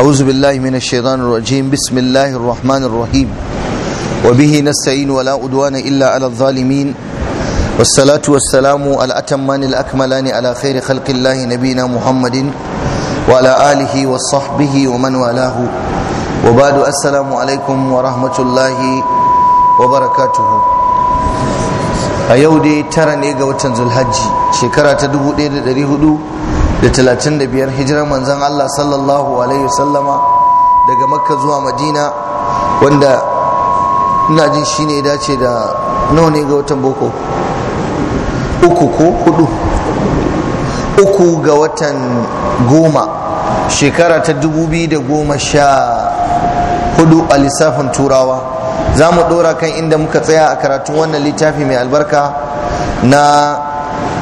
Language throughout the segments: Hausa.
أعوذ بالله من الشيطان الرجيم بسم الله الرحمن الرحيم وبه نستعين ولا أدوان إلا على الظالمين والصلاة والسلام الأتمان الأكملان على خير خلق الله نبينا محمد وعلى آله وصحبه ومن والاه وبعد السلام عليكم ورحمة الله وبركاته a yau dai tara ne ga watan zulhajji shekara ta 1400 da talatin da biyar hijirar manzan Allah sallallahu alaihi sallama daga makka zuwa madina wanda ina jin shi ne dace da nawa ne ga watan boko uku ko hudu uku ga watan goma shekara ta dubu biyu da goma sha hudu a lissafin turawa za mu dora kan inda muka tsaya a karatun wannan littafi mai albarka na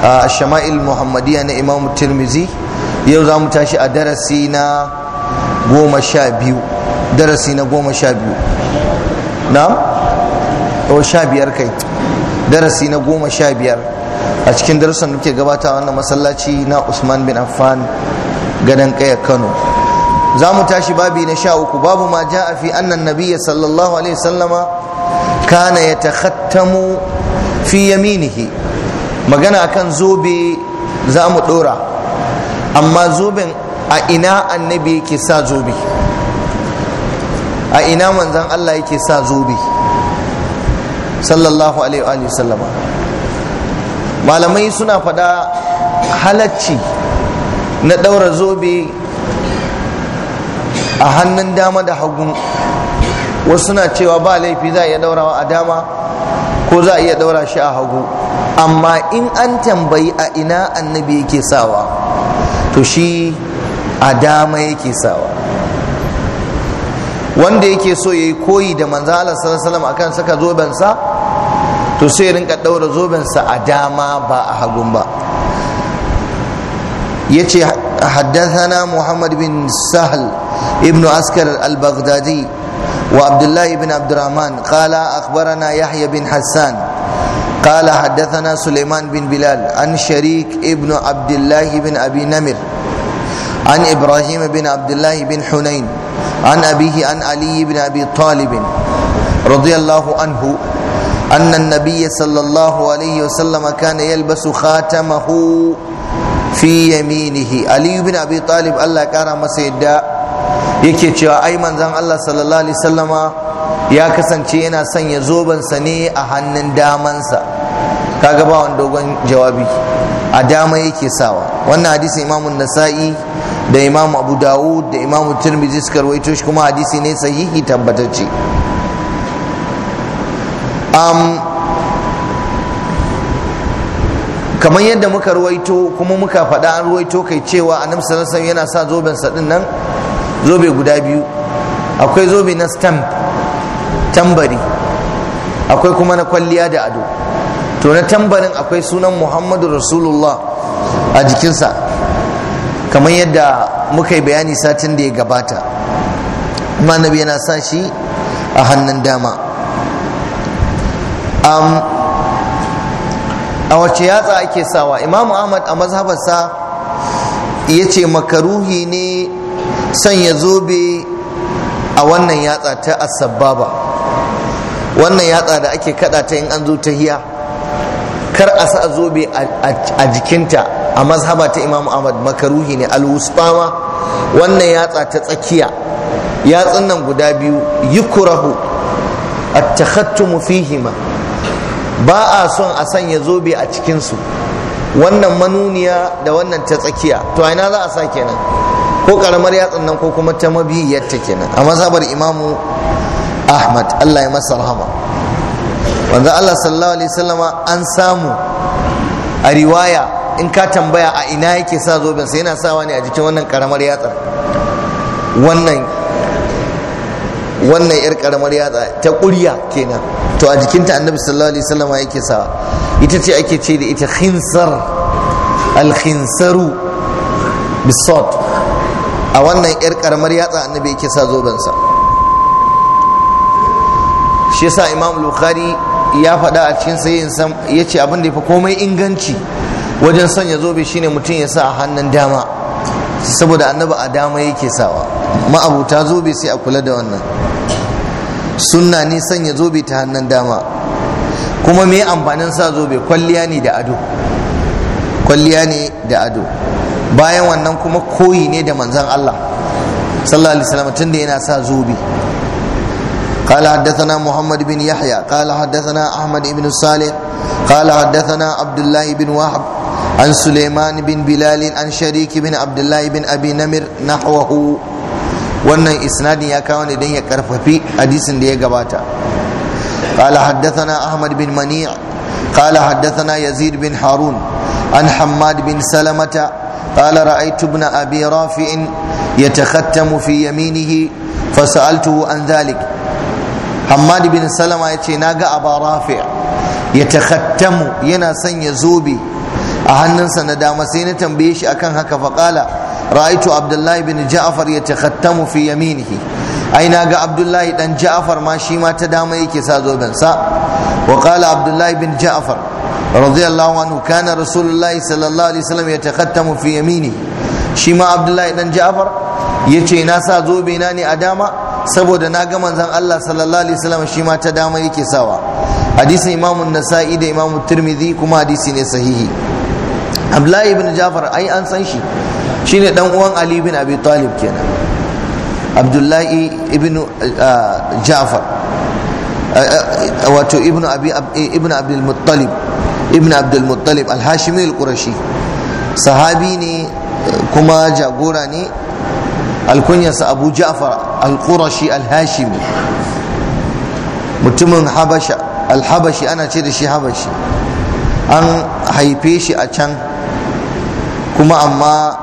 a shama'il muhammadiyya na imam tirmizi yau za mu tashi a darasi na goma sha biyu darasi na goma sha biyu na? o sha biyar kai darasi na goma sha biyar a cikin darussan da muke gabata wannan masallaci na usman bin affan gadon kaya kano za mu tashi babi na sha uku babu ma ja a fi annan nabiyya sallallahu alaihi sallama kana ya takhattamu fi yaminihi magana akan zobe za mu dora amma zoben a ina annabi yake sa zobe a ina manzan Allah yake sa zobe sallallahu alaihi wa sallama malamai suna faɗa halacci na ɗaura zobe a hannun dama da hagu wasu na cewa ba laifi za a iya ɗaurawa a dama ko za a iya ɗaura shi a hagu amma in an tambayi a ina annabi yake sawa to shi a dama yake sawa wanda yake so ya yi koyi da manzan Allah sallallahu akan saka zobensa to sai rinka ɗaura zobensa a dama ba a hagun ba yace haddathana Muhammad bin Sahl Ibnu Askar al-Baghdadi وعبد الله بن عبد الرحمن قال أخبرنا يحيى بن حسان قال حدثنا سليمان بن بلال عن شريك ابن عبد الله بن أبي نمر عن إبراهيم بن عبد الله بن حنين عن أبيه عن علي بن أبي طالب رضي الله عنه أن النبي صلى الله عليه وسلم كان يلبس خاتمه في يمينه علي بن أبي طالب الله كرم سيدنا yake cewa ai manzon Allah sallallahu alaihi wasallama ya kasance yana sanya sa ne a hannun damansa kaga ba wani dogon jawabi a dama yake sawa wannan hadisi imamu nasa'i da imamu abu dawud da imamu tirmidhi suka rawaito shi kuma hadisi ne sahihi tabbatacce am kamar yadda muka ruwaito kuma muka faɗa an ruwaito kai cewa annabi sallallahu alaihi yana sa zoben sa din nan zobe guda biyu akwai zobe na stamp tambari akwai kuma na kwalliya da ado to na tambarin akwai sunan muhammadu rasulullah a jikinsa kamar yadda muka yi bayani satin da ya gabata kuma yana sa shi a hannun dama a wacce yatsa ake sawa imamu ahmad a mazhabarsa ya ce makaruhi ne sanya zobe a wannan yatsa ta asababa wannan yatsa da ake kada ta in an zo ta hiya kar a sa zobe a jikinta a mazhaba ta imamu ahmad makaruhi ne alwusfama wannan yatsa ta tsakiya yatsun nan guda biyu yukurahu at fihima ba a son a sanya zobe a cikinsu wannan manuniya da wannan ta tsakiya to ina za a sa kenan ko karamar yatsan nan ko kuma ta mabiyyarta kenan a mazhabar imamu ahmad allah ya masa rahama wanda allah sallallahu alaihi wasallama an samu a riwaya in ka tambaya a ina yake sa zoben sai yana sawa ne a jikin wannan karamar yatsa wannan wannan yar karamar yatsa ta ƙurya kenan to a jikinta annabi sallallahu alaihi wasallama yake sawa ita ce ake ce da ita khinsar al-khinsaru bisot a wannan yar karamar yatsa annabi yake sa zobensa shi yasa imam bukhari ya faɗa a cikin sayin sam ya ce abin da ya fi komai inganci wajen sanya zobe shine mutum ya sa a hannun dama saboda annabi a dama yake sawa ma'abuta zobe sai a kula da wannan sunna ne sanya zobe ta hannun dama kuma me amfanin sa zobe kwalliya ne da ado kwalliya ne da ado bayan wannan kuma koyi ne da manzan Allah sallallahu alaihi wasallam tunda yana sa zubi. قال حدثنا محمد بن يحيى قال حدثنا احمد بن صالح قال حدثنا عبد الله بن وهب عن سليمان بن بلال عن شريك بن عبد الله بن ابي wannan isnadin ya kawo ne don ya karfafi hadisin da ya gabata قال حدثنا احمد بن منيع قال حدثنا يزيد بن هارون عن حماد بن سلمه قال رأيت ابن أبي رافع يتختم في يمينه فسألته عن ذلك حماد بن سلمة يتي ناقا أبا رافع يتختم ينا يزوبي أهنن سندام سينة بيش أكن هكا فقال رأيت عبد الله بن جعفر يتختم في يمينه ai na عبد الله بن جعفر ما shi ma يكي سازو بن سا وقال عبد الله بن جعفر رضي الله عنه كان رسول الله صلى الله عليه وسلم يتختم في يمينه شيما عبد الله بن جعفر yace na sa zobe na ne a dama saboda na ga manzon Allah sallallahu alaihi wasallam shi ta dama yake sawa hadisin imamun nasa'i da imamu tirmidhi kuma hadisi ne sahihi abdullahi ibn jafar ai an san shi shine dan uwan ali ibn abi talib kenan abdullahi ibn uh, jafar uh, uh, wato ibn ibn abdul muttalib al-hashimi sahabi ne kuma jagora ne alkunyarsa abu ja'far al-qurashi mutumin habasha al-habashi ana ce da shi habashi an haife shi a can kuma amma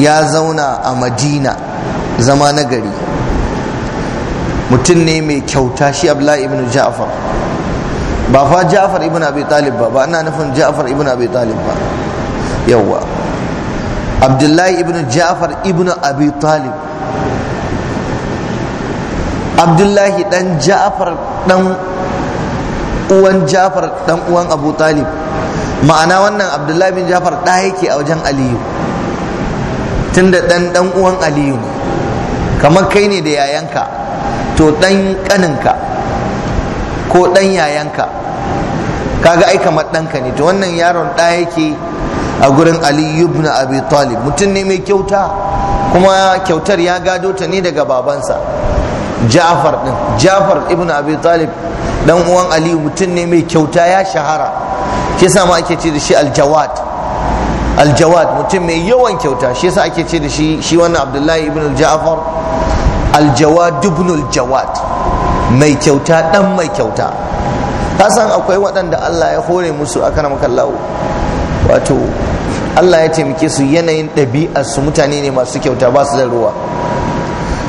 ya zauna a madina zama nagari mutum ne mai kyauta shi abla ibn ja'far ba fa Ja'far ibn Abi Talib ba ba ina nufin Ja'far ibn Abi Talib ba yawa Abdullahi ibn Ja'far ibn Abi Talib Abdullahi dan Ja'far dan uwan Ja'far dan uwan Abu Talib ma'ana wannan Abdullahi bin Ja'far da yake a wajen Aliyu tunda dan dan uwan Aliyu ne kamar kai ne da yayanka to dan kaninka ko dan yayanka kaga ai kamar ɗanka ne to wannan yaron ɗa yake a gurin ali ibn abi talib mutum ne mai kyauta kuma kyautar ya gado ta ne daga babansa ja'far ɗin ja'far ibn abi talib dan uwan ali mutum ne mai kyauta ya shahara shi yasa ma ake ce da shi aljawad aljawad mutum mai yawan kyauta shi yasa ake ce da shi shi wannan abdullahi ibn ja'far aljawad ibn aljawad mai kyauta dan mai kyauta kasan akwai waɗanda Allah ya hore musu a kan makallawo wato Allah ya taimake su yanayin ɗabi'ar su mutane ne masu kyauta ba su da ruwa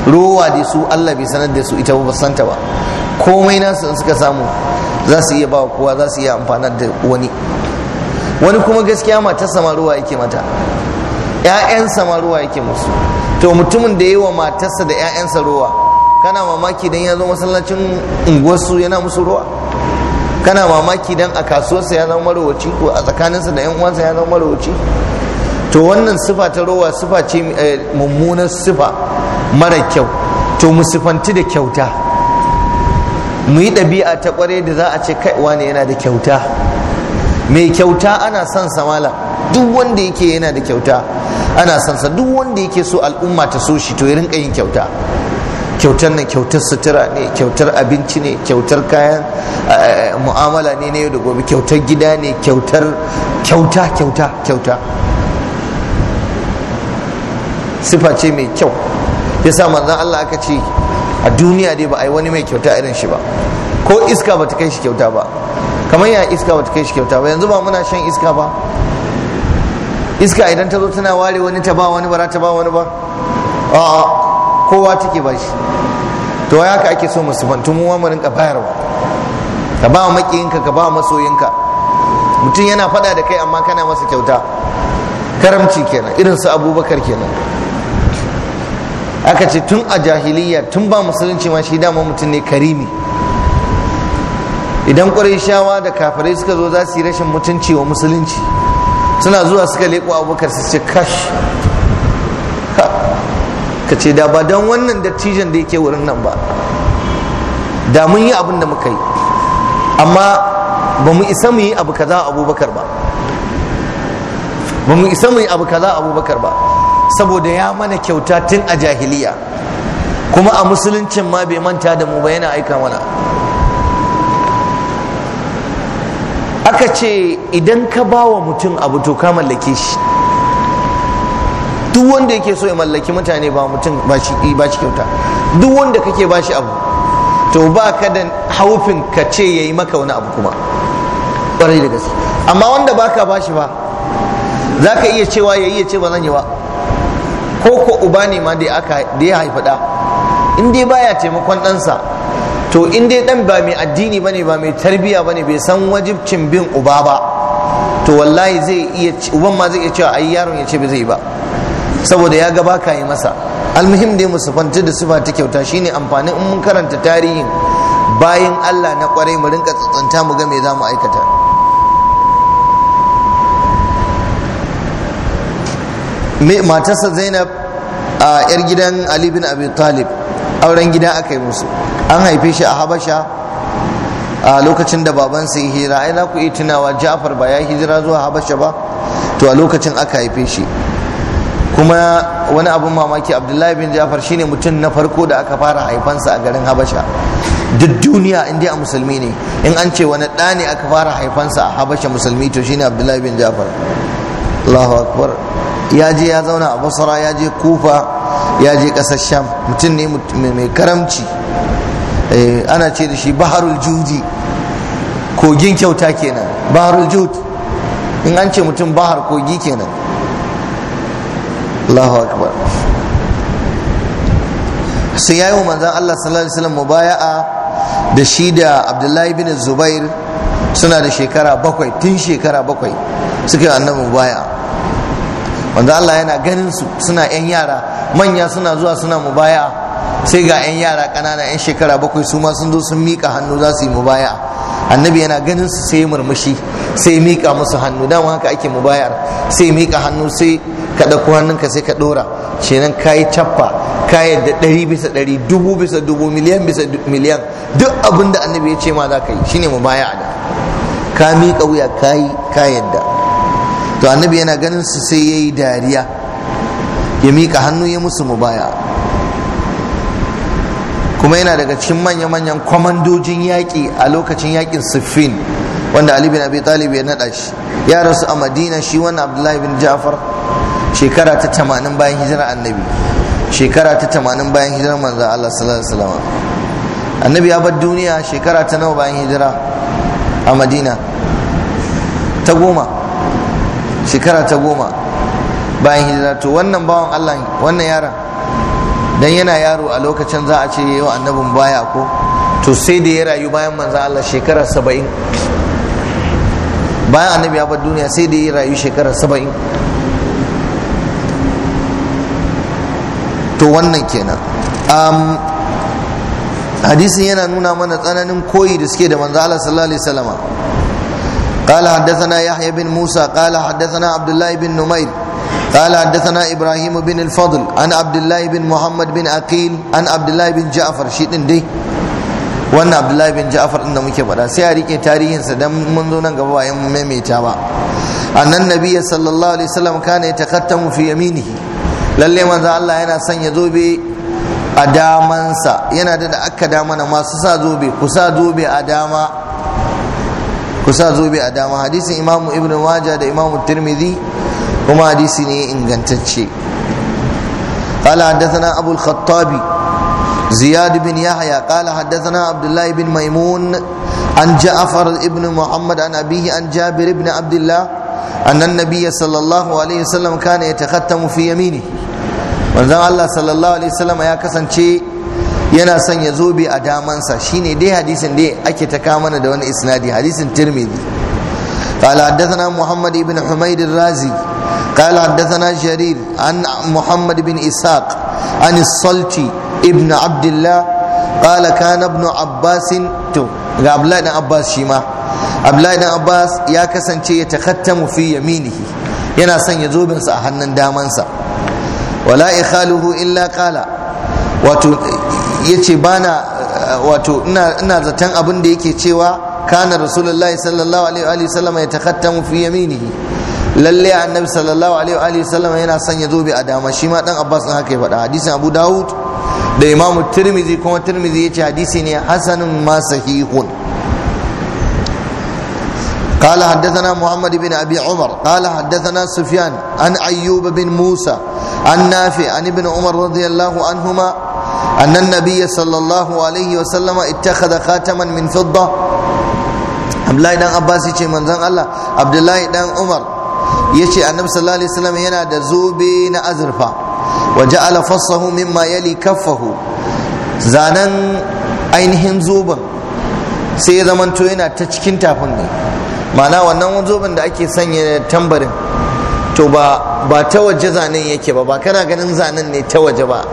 ruwa da su Allah bai sanar da su ita ba santa ba komai nasu in suka samu za su iya ba kowa za su iya amfanar da wani wani kuma gaskiya mata sama ruwa yake mata ‘ya'yansa ma ruwa yake musu to mutumin da yi wa matarsa da ‘ya'yansa ruwa kana mamaki don ya zo masallacin unguwarsu yana musu ruwa kana mamaki dan a kasuwarsa ya zama marowaci ko a tsakaninsa da yan uwansa ya zama marowaci to wannan sifa ta rowa sifa ce eh, mummunar sifa mara kyau to mu sifanti da kyauta mu yi ɗabi'a ta ƙware da za a ce kai wane yana da kyauta mai kyauta ana son samala duk wanda yake yana da kyauta ana son sa duk wanda yake so al'umma ta so shi to ya rinka yin kyauta kyautar nan kyautar sutura ne kyautar abinci ne kyautar kayan eh, mu'amala ne na yau da gobe kyautar gida ne kyautar kyauta kyauta kyauta sifa ce mai kyau ya sa manzan Allah aka ce a duniya dai ba a yi wani mai kyauta irin shi ba ko iska ba ta kai shi kyauta ba kamar ya iska ba ta kai shi kyauta ba yanzu ba muna shan iska ba iska idan ta zo tana ware wani ta ba wani ba ta ba wani ba a'a kowa take ba shi to ya ka ake so mu sifantu mu wa mu bayarwa ka ba makiyinka ka ba masoyinka mutum yana fada da kai amma kana masa kyauta karamci kenan irin su abubakar kenan aka ce tun a jahiliya tun ba musulunci ma shi dama mutum ne karimi idan shawa da kafirai suka zo za su yi rashin mutunci wa musulunci suna zuwa suka leƙo abubakar su ce kash ka ce da ba don wannan dattijan da yake wurin nan ba da mun yi abin da muka yi amma ba mu isa mu yi abu kaza abubakar ba ba mu isa mu yi abu kaza abubakar ba saboda ya mana kyauta tun a jahiliya kuma a musuluncin ma bai manta da mu ba yana aika mana aka ce idan ka ba wa mutum abu to ka mallake shi duk wanda yake so ya mallaki mutane ba mutum ba shi kyauta duk wanda kake ba shi abu to ba ka da haufin ka ce ya yi maka wani abu kuma ƙwarai da gaske amma wanda baka ba shi ba za ka iya cewa ya iya ce ba zan yi ba ko ko uba ne ma da ya haifi ɗa in dai baya taimakon ɗansa to in dai ɗan ba mai addini bane ba mai tarbiyya bane bai san wajibcin bin uba ba to wallahi zai iya uban ma zai iya cewa ai yaron ya ce ba zai yi ba saboda ya gaba ka yi masa almuhim dai mu sufanci da sufa ta kyauta shine amfani in mun karanta tarihin bayan Allah na kwarai mu rinka tsantsanta mu ga me za mu aikata matarsa Zainab a yar gidan Ali bin Abi Talib auren gida aka yi musu an haife shi a Habasha a lokacin da babansa yi hira ai na ku yi tunawa Ja'far ba ya hijira zuwa Habasha ba to a lokacin aka haife shi kuma wani abin mamaki abdullahi bin jafar shine mutum na farko da aka fara haifansa a garin habasha duk duniya in dai a musulmi ne in an ce wani ɗa ne aka fara haifansa a habasha musulmi to shine abdullahi bin jafar allahu akbar ya je ya zauna a basra ya je kufa ya je ƙasar sham mutum ne mai karamci eh, ana ce da shi baharul juji kogin kyauta kenan baharul jud in an ce mutum bahar kogi kenan Allahu akbar sai yayi manzan Allah sallallahu alaihi wasallam mubaya'a da shi da Abdullahi bin Zubair suna da shekara bakwai tun shekara bakwai suka yi annabi mubaya'a. manzon Allah yana ganin su suna yan yara manya suna zuwa suna mubaya'a sai ga yan yara ƙanana yan shekara bakwai su ma sun zo sun miƙa hannu za su yi mubaya'a. annabi yana ganin su sai murmushi sai miƙa musu hannu dama haka ake mubayar sai miƙa hannu sai ka ɗauko hannunka sai ka ɗora nan ka yi cappa ka yadda ɗari bisa ɗari dubu bisa dubu miliyan bisa miliyan duk abin da annabi ya ce ma za ka yi shine mu baya da ka miƙa wuya ka yi ka yadda to annabi yana ganin su sai ya yi dariya ya miƙa hannu ya musu mu baya kuma yana daga cikin manya-manyan kwamandojin yaƙi a lokacin yaƙin siffin wanda ali bin abi talib ya naɗa shi ya rasu a madina shi wannan abdullahi bin ja'far shekara ta tamanin bayan hijirar annabi shekara ta tamanin bayan hijirar manzan Allah sallallahu alaihi wasallam annabi ya bar duniya shekara ta nawa bayan hijira a madina ta goma shekara ta goma bayan hijira to wannan bawan Allah wannan yaron dan yana yaro a lokacin za a ce yau annabin baya ko to sai da ya rayu bayan manzan Allah shekara saba'in bayan annabi ya bar duniya sai da ya rayu shekara saba'in to wannan kenan um, hadisin yana nuna mana tsananin koyi da suke da manzo Allah sallallahu alaihi wasallama قال حدثنا يحيى بن موسى قال حدثنا عبد الله بن نمير قال حدثنا ابراهيم بن الفضل عن عبد الله بن محمد بن عقيل عن عبد الله بن جعفر شي din dai wannan Abdullahi bin Ja'far din da muke faɗa sai a rike tarihin sa dan mun zo nan gaba bayan mu maimaita ba annan nabiyyi sallallahu alaihi wasallam kana yatakattamu fi yaminihi lalle manzo Allah yana sanya zobe a damansa yana da da aka dama na masu sa zobe ku sa zobe a dama ku sa zobe a dama hadisin imamu ibn majah da imamu tirmidhi kuma hadisi ne ingantacce قال حدثنا أبو الخطاب زياد بن يحيى قال حدثنا عبد الله بن ميمون عن جعفر بن محمد عن أبيه عن جابر بن عبد الله أن النبي صلى الله عليه وسلم كان يتختم في يمينه manzon Allah sallallahu alaihi wasallam ya kasance yana son ya zobe a damansa shine dai hadisin da ake ta kama mana da wani isnadi hadisin tirmidhi قال حدثنا محمد بن حميد الرازي قال حدثنا جرير عن محمد بن إسحاق عن الصلتي ابن عبد الله قال كان ابن عباس تو قبل ابن عباس شيما قبل ابن عباس يا كسن يتختم في يمينه yana son ya sa a hannun damansa wala ikhaluhu illa kala wato wato ina zaton abin da yake cewa kana rasulullahi sallallahu alaihi wa sallam yatakhattamu fi yaminihi lalle annabi sallallahu alaihi wa sallam yana sanya zobe a dama shi ma dan abbas din haka ya faɗa hadisin abu dawud da imamu tirmizi kuma tirmizi yace hadisi ne hasanun ma sahihun قال حدثنا محمد بن ابي عمر قال حدثنا سفيان عن ايوب بن موسى عن نافع عن ابن عمر رضي الله عنهما ان النبي صلى الله عليه وسلم اتخذ خاتما من فضه Abdullahi dan Abbas yace manzon Allah Abdullahi dan Umar yace Annabi sallallahu alaihi wasallam yana da zobe na azurfa wa ja'ala fassahu mimma yali kaffahu zanan ainihin zoben sai ya zamanto yana ta cikin tafin ne ma'ana wannan zoben da ake sanya tambarin to ba ba ta waje zanen yake ba ba kana ganin zanen ne ta waje ba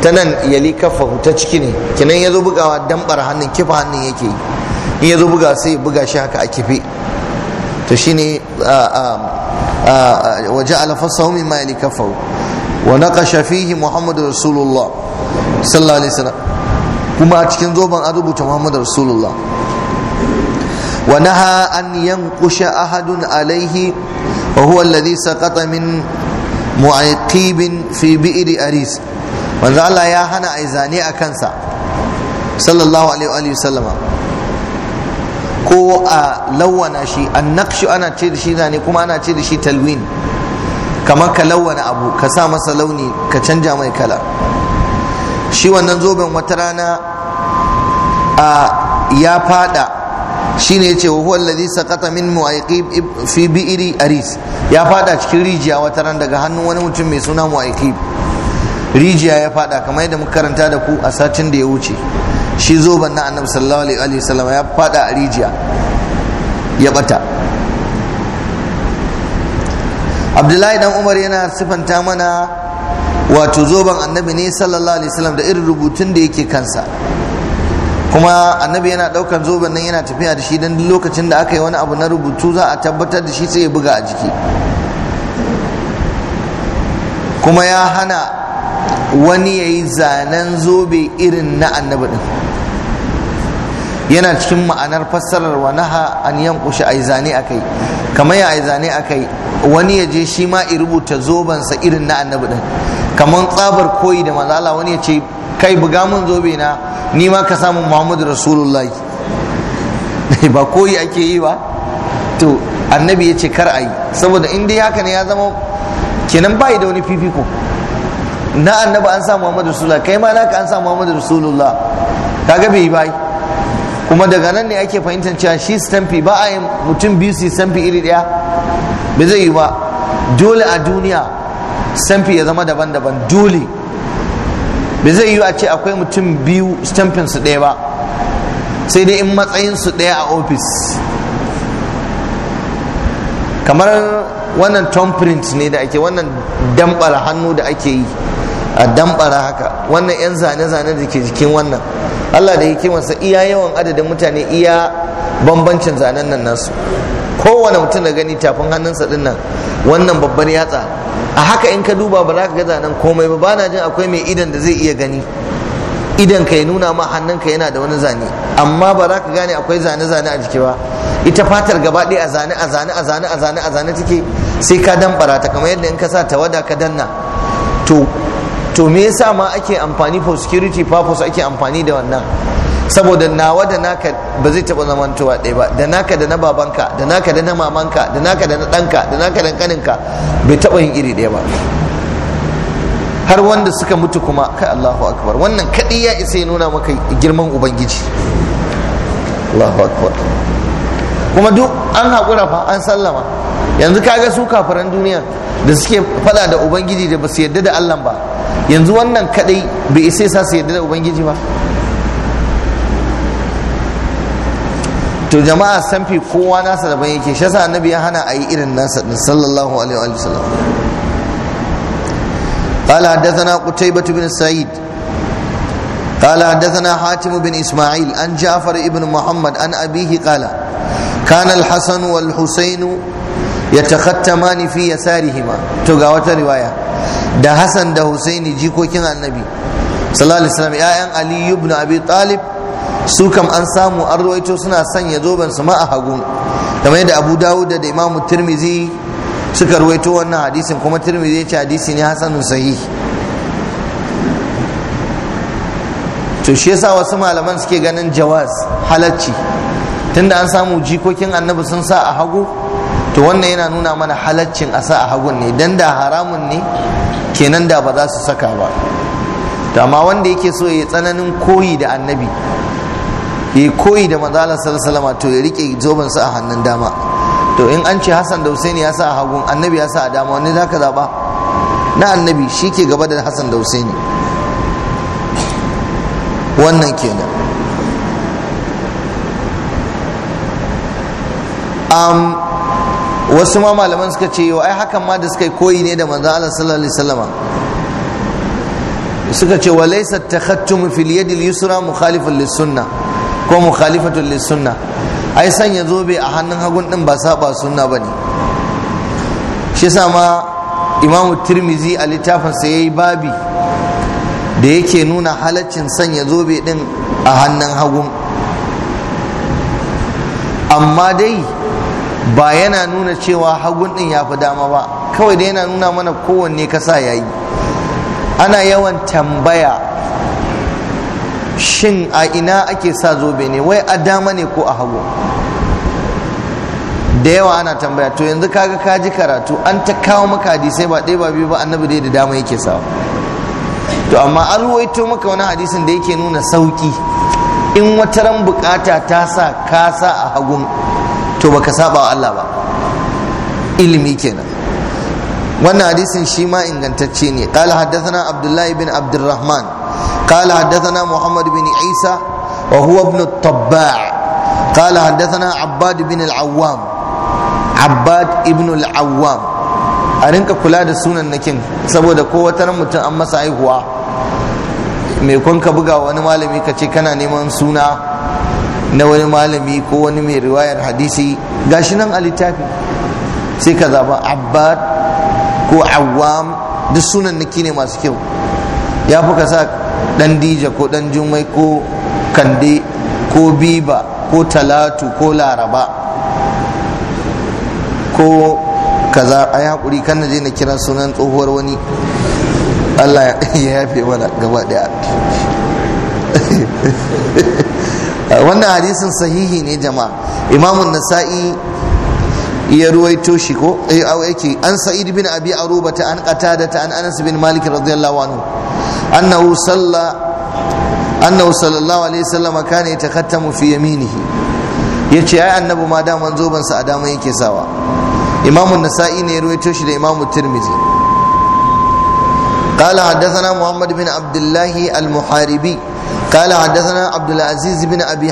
ta nan yali kafa ta ciki ne kinan ya zo bugawa dambar hannun kifa hannun yake in ya zo buga sai buga shi haka a kife to shine waje alfasahu min ma yali kafa wa naqasha fihi muhammadu rasulullah sallallahu alaihi wasallam kuma a cikin zoben an rubuta muhammadu rasulullah ونهى أن ينقش أحد عليه وهو الذي سقط من معقيب في بئر أريس Allah ya hana a zane a kansa ko a lawana shi an naqshu ana ce da shi zane kuma ana ce da shi talwin kamar ka lawana abu ka sa masa launi ka canja mai kala shi wannan zoben wata rana a ya fada shine yace wa huwa alladhi saqata min mu'aqib fi bi'ri aris ya fada cikin rijiya wata ran daga hannun wani mutum mai suna mu'aqib rijiya ya fada kamar yadda muka karanta da ku a satin da ya wuce shi zoban na annabi sallallahu alaihi wasallam ya fada a rijiya ya bata abdullahi dan umar yana sifanta mana wato zoban annabi ne sallallahu alaihi wasallam da irin rubutun da yake kansa kuma annabi yana daukan zoben nan yana tafiya da shi dan lokacin da aka yi wani abu na rubutu za a tabbatar da shi sai ya buga a jiki kuma ya hana wani ya yi zanen zobe irin na annabi din yana cikin ma'anar fassarar wa naha an yankushe yi zane akai kamar ya yi zane akai wani ya je shi ma i rubuta sa irin na annabi din kamar tsabar koyi da mazala wani ya ce kai buga mun zobe na ni ma ka samu muhammadu rasulullahi ba koyi ake yi ba to annabi ya ce kar a yi saboda in dai haka ne ya zama kenan bai da wani fifiko na annabi an samu muhammadu rasulullah kai ma naka an samu muhammadu rasulullah kaga bai bai kuma daga nan ne ake fahimtar cewa shi stamfi ba a yi mutum biyu su stamfi iri daya Ba zai yi ba dole a duniya stamfi ya zama daban-daban dole bai zai yi a ce akwai mutum biyu stampin su ɗaya ba sai dai in matsayin su ɗaya a ofis kamar wannan thumbprint ne da ake wannan dambara hannu da ake yi a dambara haka wannan 'yan zane-zane da ke jikin wannan allah da ya masa iya yawan adadin mutane iya bambancin zanen nan nasu kowane mutum da gani tafin hannunsa din nan wannan babbar yatsa a haka in ka duba ba za ka gaza nan komai ba bana jin akwai mai idan da zai iya gani idan ka ya nuna ma hannun ka yana da wani zane amma ba za ka gane akwai zane-zane a jiki ba ita fatar gaba ɗaya a zane a zane a zane a zane a zane take sai ka damɓara ta kamar yadda in ka sa tawada ka danna to to me yasa ma ake amfani for security purpose ake amfani da wannan saboda nawa da naka ba zai taɓa zamantowa ɗaya ba da naka da na babanka da naka da na mamanka da naka da na ɗanka da naka da ƙaninka bai taɓa yin iri ɗaya ba har wanda suka mutu kuma kai Allahu akbar wannan kaɗai ya isa ya nuna maka girman ubangiji Allahu akbar kuma duk an haƙura fa an sallama yanzu kaga su kafiran duniya da suke faɗa da ubangiji da ba su yarda da Allah ba yanzu wannan kaɗai bai isa sa su yarda da ubangiji ba to jama'a samfi kowa nasa daban yake shi yasa annabi ya hana ayi irin nasa din sallallahu alaihi wa sallam قال حدثنا قتيبة بن سعيد قال حدثنا حاتم بن إسماعيل عن جعفر بن محمد عن أبيه قال كان الحسن والحسين يتختمان في يسارهما تقاوة رواية ده حسن ده حسين جيكو كان النبي صلى الله عليه وسلم يا علي بن أبي طالب su kam an samu an ruwaito suna sanya zoben su ma a hagu kamar yadda abu dawud da imamu tirmizi suka ruwaito wannan hadisin kuma tirmizi ya ce hadisi ne hasanu sahi. to shi yasa wasu malaman suke ganin jawaz halacci tunda an samu jikokin annabi sun sa a hagu to wannan yana nuna mana halaccin a sa a hagun ne dan da haramun ne kenan da ba za su saka ba amma wanda yake so ya tsananin koyi da annabi yi koyi da manzalar sallallahu to ya rike zoben sa a hannun dama to in an ce Hassan da Husaini ya sa a hagun annabi ya sa a dama wani zaka zaba na annabi shi ke gaba da Hassan da Husaini wannan kenan um, wasu ma malaman suka ce yau ai hakan ma da suka koyi ne da manzo Allah sallallahu alaihi wasallama suka ce wa laysa takhattum fil yad al yusra mukhalifan lis sunnah ko mukhalifatul sunna ai sanya zobe a hannun hagun din ba saba sunna bane shi yasa ma imamu tirmizi a littafinsa ya yi babi da yake nuna halaccin sanya zobe din a hannun hagun amma dai ba yana nuna cewa hagun din ya fi dama ba kawai da yana nuna mana kowanne kasa yayi ana yawan tambaya shin a ina ake sa zobe ne wai a dama ne ko a hagu da yawa ana tambaya to yanzu kaga kaji karatu an ta kawo maka hadisai ba ɗaya ba biyu ba annabi dai da dama yake sa to amma an ruwaito maka wani hadisin da yake nuna sauki in wata ran bukata ta sa ka sa a hagun to baka saba wa Allah ba ilimi kenan wannan hadisin shi ma ingantacce ne qala haddathana abdullahi bin abdurrahman قال حدثنا محمد بن عيسى وهو ابن الطباع قال حدثنا عباد a rinka kula da sunan nakin saboda ko wata mutum an masa haihuwa mai kun ka buga wani malami ka ce kana neman suna na wani malami ko wani mai riwayar hadisi gashi nan a littafi sai ka zaba abbad ko awam duk sunan naki ne masu kyau ya fi ka sa ɗan dija ko dan jumai ko kande ko biba ko talatu ko laraba ko kaza a yi haƙuri kan na je na kira sunan tsohuwar wani allah ya yafe mana gaba daya wannan hadisin sahihi ne jama'a imamun nasa'i ya ruwaito shi ko eh, yake an sa'id bin abi aruba ta an qatada ta an anas bin malik radiyallahu anhu أنه صلى أنه صلى الله عليه وسلم كان يتختم في yace ai annabi ma daman zobansa a daman yake sawa imamu nasa'i ne ya shi da imamu tirmizi kala haddathana muhammad bin abdullahi al-muharibi kala haddathana abdulaziz bin abi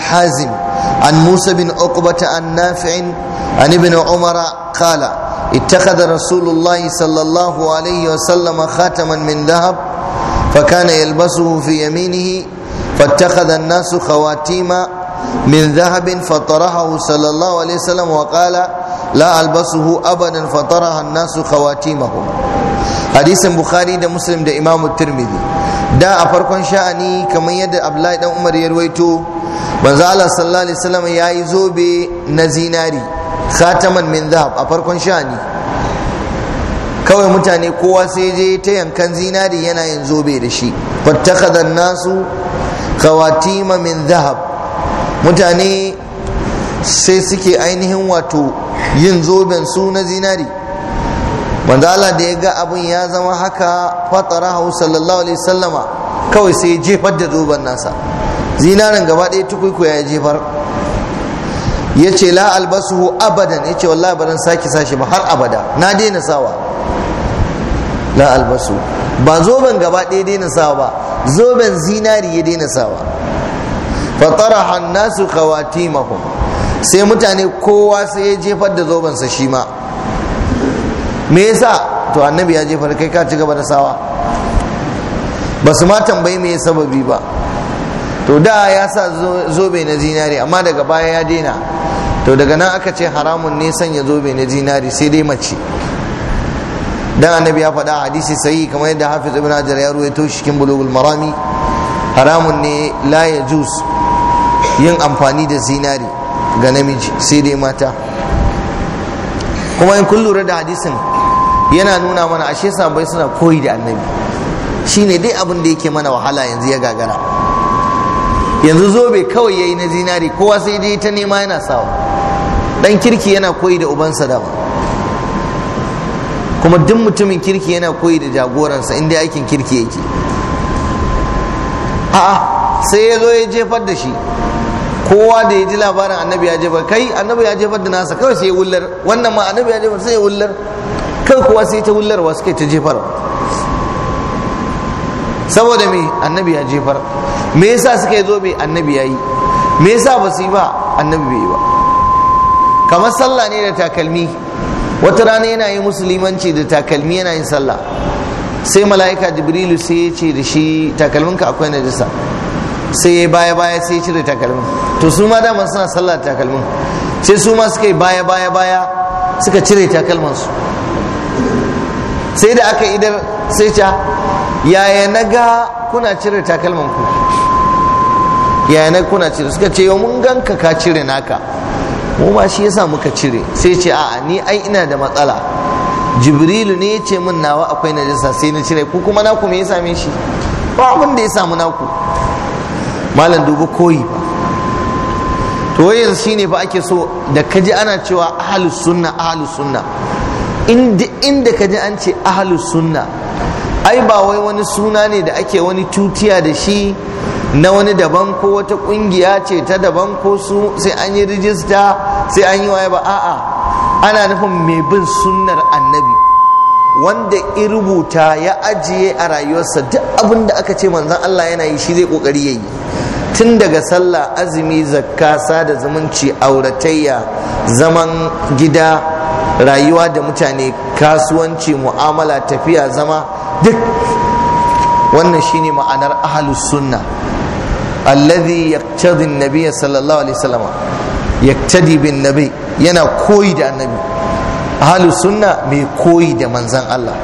an musa bin uqbata an nafi'in an ibn umar kala ittakhadha rasulullahi sallallahu alayhi wa sallama khataman min dhahab فكان يلبسه في يمينه فاتخذ الناس خواتيم من ذهب فطرحه صلى الله عليه وسلم وقال لا ألبسه أبدا فطرح الناس خواتيمهم حديث البخاري ده مسلم ده إمام الترمذي da a farkon sha'ani kamar yadda abdullahi dan umar ya ruwaito manzo Allah sallallahu alaihi wasallam yayi zobe na zinari khataman min dhahab a farkon sha'ani kawai mutane kowa sai je ta yankan zinari yana yin zobe da shi fattakadan nasu kawatima min zahab mutane sai suke ainihin wato yin zoben su na zinari manzala da ya ga abin ya zama haka hau sallallahu alaihi sallama kawai sai jefar da zoben nasa zinarin gaba ɗaya tukuku ya jefar ya ce la albasuhu abadan ya ce wallahi sa sake sashi ba har abada na daina sawa na albasu ba zoben gaba ɗaya daina sawa ba zoben zinari ya daina sawa fatara hannasu mako. sai mutane kowa sai ya jefar da zobensa shi ma me yasa to annabi ya jefar kai ka ci gaba da sawa ba su ma tambayi me sababi ba to da ya sa zobe na zinari amma daga baya ya daina to daga nan aka ce haramun ne sanya zobe na zinari sai dai mace dan annabi ya faɗa hadisi sahihi kamar yadda hafiz ibn hajar ya ruwaito shi cikin bulugul marami haramun ne la Juz, yin amfani da zinari ga namiji sai dai mata kuma in kun da hadisin yana nuna mana ashe sabai suna koyi da annabi shine dai abin da yake mana wahala yanzu ya gagara yanzu zobe kawai yayi na zinari kowa sai dai ta nema yana sawa dan kirki yana koyi da ubansa dama kuma duk mutumin kirki yana koyi da jagoransa inda aikin kirki yake a'a sai ya zo ya jefar da shi kowa da ya ji labarin annabi ya jefar kai annabi ya jefar da nasa kawai sai ya wullar wannan ma annabi ya jefar sai ya wullar kai kuwa sai ta wullar wasu kai ta jefar saboda me annabi ya jefar me yasa suka yi zobe annabi ya yi me yasa ba su yi ba annabi bai yi ba kamar sallah ne da takalmi wata rana yana yi musulmanci da takalmi yana yin sallah sai mala'ika jibrilu sai ya ce da shi takalmin ka akwai najisa sai ya baya baya sai ya cire takalmin to su ma dama suna sallah da takalmin sai su ma suka yi baya baya baya suka cire takalmin su sai da aka idar sai ta yaya na ga kuna cire takalmin ku yaya na kuna cire suka ce yau mun ganka ka cire naka mu ba shi yasa muka cire sai ce a'a ni ai ina da matsala jibrilu ne ya ce min nawa akwai najasa sai na cire ku kuma naku me ya same shi ba abin da ya samu naku malam dubu koyi ba to yanzu shine fa ake so da kaji ana cewa ahlus sunna ahlus sunna inda inda kaji an ce ahlus sunna ai ba wai wani suna ne da ake wani tutiya da shi na wani daban ko wata kungiya ce ta daban ko su sai an yi rijista sai an yi waye ba a'a ana nufin mai bin sunnar annabi wanda ya rubuta ya ajiye a rayuwarsa duk abin da aka ce manzon Allah yana yi shi zai kokari yayi tun daga sallah azumi zakka sada zumunci auratayya zaman gida rayuwa da mutane kasuwanci mu'amala tafiya zama duk wannan shine ma'anar ahlus sunna alladhi yaqtadi an-nabiy sallallahu alaihi wasallam yaktadi bin nabi yana koyi da annabi ahlu sunna mai koyi da manzan Allah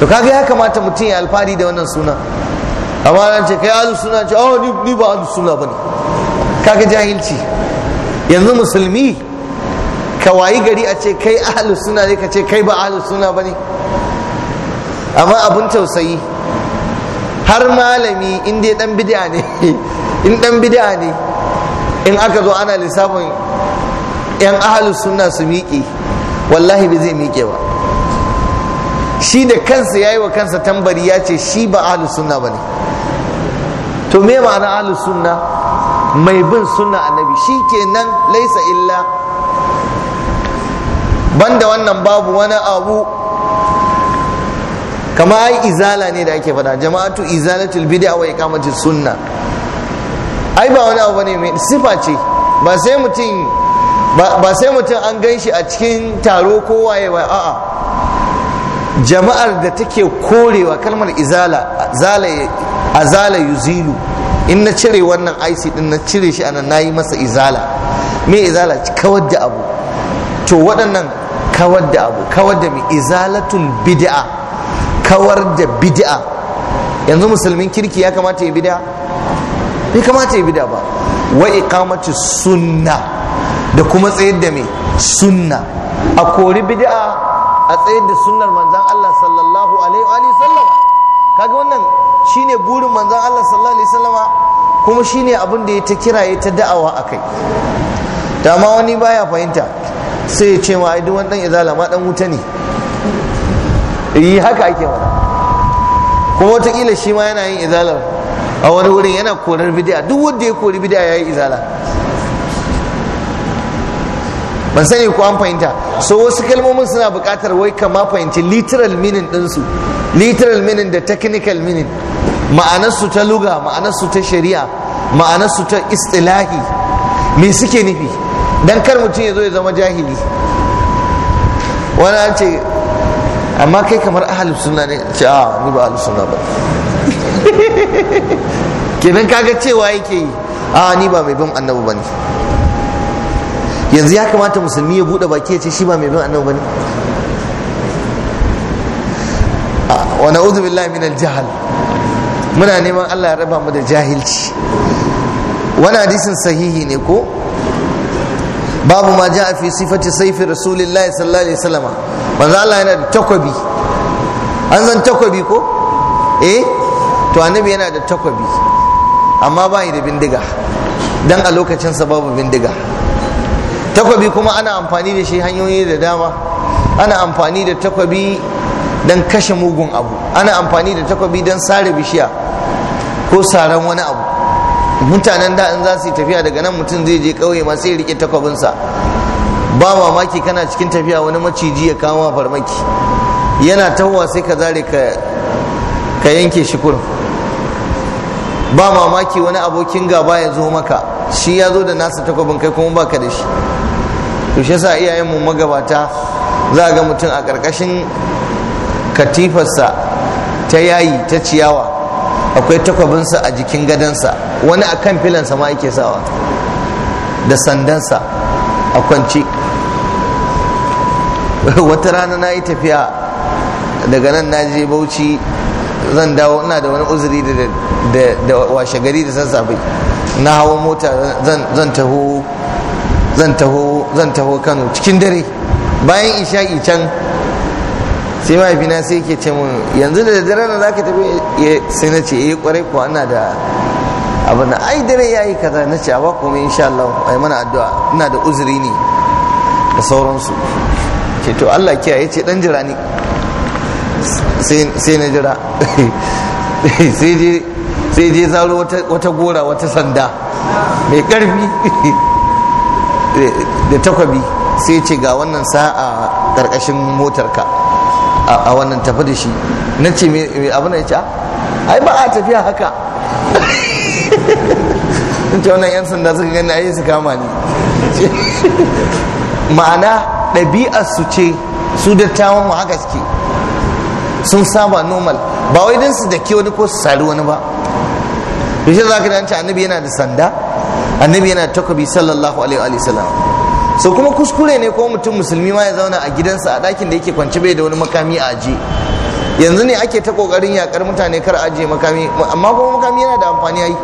to kaga ya kamata mutum ya alfahari da wannan suna amma nan ce kai ahlu sunna ce oh ni ba ahlu sunna bane kaga jahilci yanzu musulmi ka wayi gari a ce kai ahlu sunna ne ka ce kai ba ahlu sunna bane amma abun tausayi har malami in dai dan bid'a ne in dan bid'a ne in aka zo ana lissafin yan ahalus sunna su miƙe wallahi ba zai miƙe ba shi da kansa ya yi wa kansa tambari ya ce shi ba ahalus sunna ba ne to me ma'ana ahalus sunna mai bin sunna annabi shi ke nan laisa illa banda wannan babu wani abu kama ai izala ne da ake faɗa jama'atu izalatul bid'a wa iqamatus sunna ai ba wani abu ne mai sifa ce ba sai mutum ba sai mutum an gan shi a cikin taro waye ba a'a jama'ar da take korewa kalmar izala azala yuzilu in na cire wannan aisi din na cire shi anan nayi masa izala me izala kawar da abu to waɗannan kawar da abu kawar da mai izalatun bid'a kawar da bid'a yanzu musulmin kirki ya kamata ya bid'a bai kamata ya bida ba wa iqamatu sunna da kuma tsayar da me sunna a kori bid'a a tsayar da sunnar manzan Allah sallallahu alaihi wa sallam kaga wannan shine burin manzan Allah sallallahu alaihi wa sallama kuma shine abin da ya ta kiraye ta da'awa akai dama wani baya fahimta sai ya ce ma ai duk duwan dan izala ma dan wuta ne yi eh, haka ake mana kuma watakila shi ma yana yin izalar a wani wurin yana korar bidiya duk wanda ya kori ya yayi izala ban sani ko an fahimta so wasu kalmomin suna buƙatar wai kama fahimci literal meaning ɗinsu literal meaning da technical meaning ma'anarsu ta luga ma'anarsu ta shari'a ma'anarsu ta istilahi me suke nufi dan kar mutum ya zo ya zama jahili wani an ce amma kai kamar ahalus sunna ne ce a ah, ni ba ahalus sunna ba kenan kaga cewa yake yi a ni ba mai bin annabi ne. yanzu ya kamata musulmi ya bude baki ya ce shi ba mai bin annabi ne wa na'udhu billahi min al-jahl muna neman Allah ya raba mu da jahilci wani hadisin sahihi ne ko babu ma ja'a fi sifati sayfi rasulillahi sallallahu alaihi wasallam manzo Allah yana da takwabi an zan takwabi ko eh to annabi yana da takwabi amma ba da bindiga dan a lokacinsa babu bindiga takwabi kuma ana amfani da shi hanyoyi da dama ana amfani da takwabi don kashe mugun abu ana amfani da takwabi don sare bishiya ko saran wani abu mutanen da in za su yi tafiya daga nan mutum zai je ƙauye ma sai rike takwabinsa ba mamaki kana cikin tafiya wani maciji ya kawo farmaki yana tahowa sai ka zare ka yanke shi kurum ba mamaki wani abokin gaba ya zo maka shi ya zo da nasa takwabin kai kuma baka da shi to shi yasa mu magabata za ga mutum a ƙarƙashin katifarsa ta yayi ta ciyawa akwai sa a jikin gadansa wani a kan filansa ma yake sawa da sandansa a kwanci wata rana na yi tafiya daga nan na je bauchi zan dawo ina da wani uzuri da washe gari da sassafe na hawa mota zan taho kano cikin dare bayan isha'i can sai mahaifina sai ke ce mun yanzu da dare na za ka tafi sai na ce ya eh, kwarai kuwa ana da abin da ai dare ya yi kaza na ce a ba komai insha Allah yi mana addu'a ina da uzuri ne da sauransu Ke to Allah kiyaye ce dan jira ni sai na jira sai je zaro wata gora wata sanda mai karfi da takwabi sai ce ga wannan sa'a karkashin motarka a wannan tafi da shi na ce mai abu na ya ce ah, ai ba a tafiya haka in ce wannan 'yan sanda suka gani ai su kama ni ma'ana ɗabi'ar su ce su dattawan mu haka suke sun saba normal ba wai don su ke wani ko su sari wani ba yaushe za ka dace annabi yana da sanda annabi yana takobi sallallahu alaihi wa sallam so kuma kuskure ne ko mutum musulmi ma ya zauna a gidansa a dakin da yake kwance bai da wani makami a aji yanzu ne ake ta kokarin yakar mutane kar aje makami amma kuma makami yana da amfani ai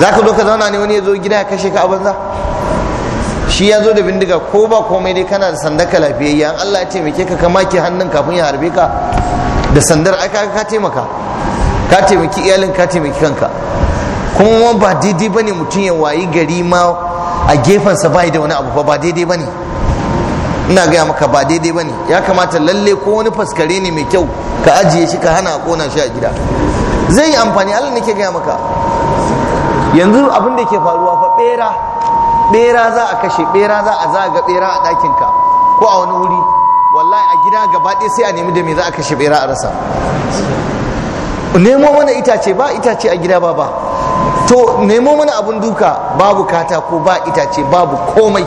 za ka zo ka zauna ne wani ya zo gida ya kashe ka a banza shi ya zo da bindiga ko ba komai dai kana da sanda ka lafiyayya an Allah ya taimake ka ka ki hannun kafin ya harbe ka da sandar ai ka ka taimaka ka taimaki iyalin ka taimaki kanka kuma ba daidai bane mutum ya wayi gari ma a gefensa bai da wani abu ba daidai bane ina gaya maka ba daidai bane ya kamata lalle ko wani faskare ne mai kyau ka ajiye shi ka hana a kona shi a gida zai yi amfani Allah ke gaya maka yanzu abin da ke faruwa fa bera bera za a kashe bera za a zaga bera a ɗakinka ko a wani wuri wallahi a gida gaba ɗaya sai a nemi da me za a kashe bera a rasa nemo mana itace ba itace a gida ba ba to nemo mana abun duka babu katako ba itace babu komai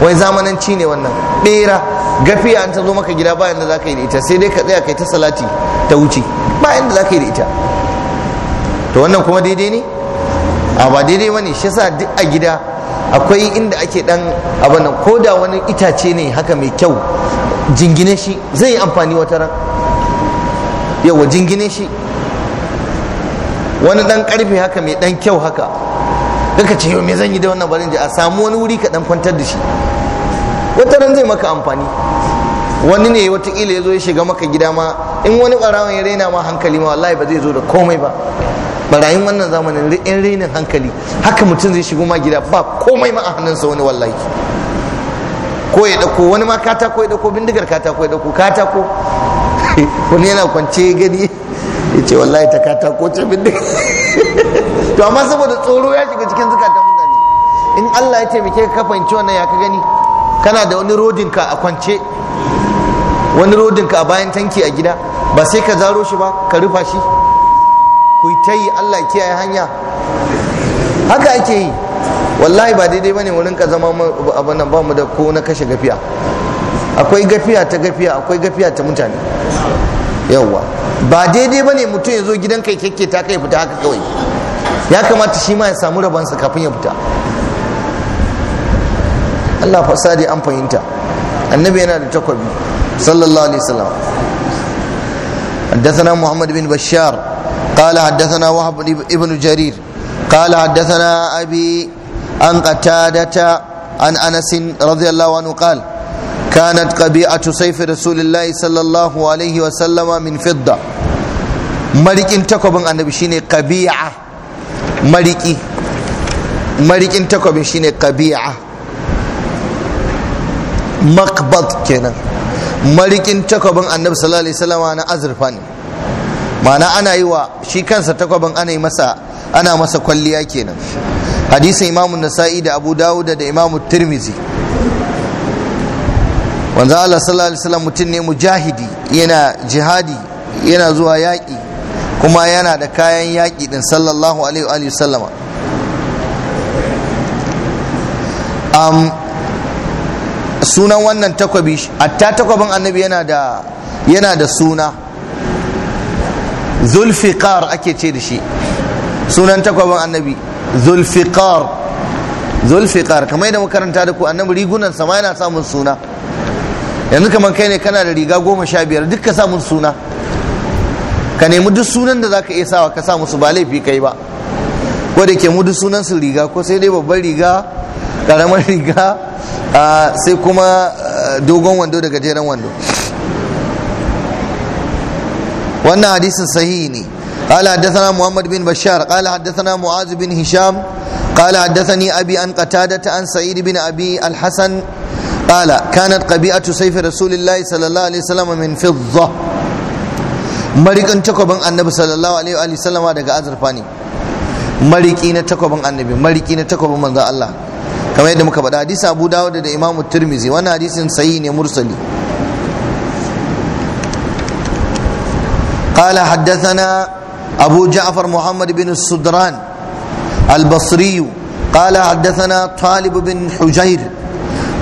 wai zamananci ne wannan bera gafiya an ta zo maka gida bayan da za ka yi da ita sai dai ka tsaya kai ta salati ta wuce bayan da za ka yi da ita to wannan kuma daidai ne a ba daidai ne shi sa duk a gida akwai inda ake dan abin ko da wani itace ne haka mai kyau jingine shi zai yi amfani wata ran yawa jingine shi wani dan karfe haka mai dan kyau haka daga ce me zan yi da wannan barin a samu wani wuri ka dan kwantar da shi wata ran zai maka amfani wani ne watakila ya zo ya shiga maka gida ma in wani barawan ya raina ma hankali ma wallahi ba zai zo da komai ba barayin wannan zamanin in rainin hankali haka mutum zai shigo ma gida ba komai ma a hannunsa wani wallahi ko ya dauko wani ma katako ya dauko bindigar katako ya dauko katako wani yana kwance gani ya ce wallahi ta katako ce bindigar to amma saboda tsoro ya shiga cikin zukatan mutane in Allah ya taimake ka fahimci wannan ya ka gani kana da wani rodin ka a kwance wani rodin ka a bayan tanki a gida ba sai ka zaro shi ba ka rufa shi ku yi ta yi Allah kiyaye hanya haka ake yi wallahi ba daidai bane wurin ka zama abin nan ba mu da ko na kashe gafiya akwai gafiya ta gafiya akwai gafiya ta mutane yawwa ba daidai bane mutum ya zo gidan kai kyakke ta kai fita haka kawai ya kamata shi ma ya samu rabansa kafin ya fita Allah fasadi an fahimta annabi yana da takwabi sallallahu alaihi wasallam حدثنا محمد بن بشار قال حدثنا وهب ابن جرير قال حدثنا أبي عن قتادة عن أنس رضي الله عنه قال كانت قبيعة سيف رسول الله صلى الله عليه وسلم من فضة مريكين تكوبن النبي شيني قبيعة مريكي مريكين تكوبن شيني قبيعة مقبض كنا مريكين تكوبن النبي صلى الله عليه وسلم أنا أزرفاني ma'ana ana yi wa shi kansa takwabin ana yi masa ana masa kwalliya kenan hadisin imamun nasa'i da abu dawud da imamu tirmizi wanzu Allah sallallahu alaihi wasallam mutum ne mujahidi yana jihadi yana zuwa yaƙi kuma yana da kayan yaƙi din sallallahu alaihi wasallama um, sunan wannan takwabi hatta takwabin annabi yana da yana da suna zulfiqar ake ce da shi sunan takwaban annabi zulfiqar zulfiqar kamar yadda makaranta da ku annabi rigunan sama yana samun suna yanzu kamar kai ne kana da riga goma sha biyar duk ka samun suna ka nemi duk sunan da zaka iya sawa ka sa musu ba laifi kai ba ko da ke mu duk sunan su riga ko sai dai babban riga karamar riga sai kuma dogon wando daga gajeren wando wannan hadisin sahihi ne قال حدثنا محمد بن بشار قال حدثنا معاذ بن هشام قال حدثني أبي عن قتادة عن سعيد بن أبي الحسن قال كانت قبيعة سيف رسول الله صلى الله عليه وسلم من فضة مريقن تكوبن النبي صلى الله عليه وآله وسلم دقا أزرفاني مريقين تكوبن النبي مريقين تكوبن من الله كما يدمك بدا حديث أبو داود دا إمام الترمذي وانا حديث سيين مرسلي قال حدثنا أبو جعفر محمد بن السدران البصري قال حدثنا طالب بن حجير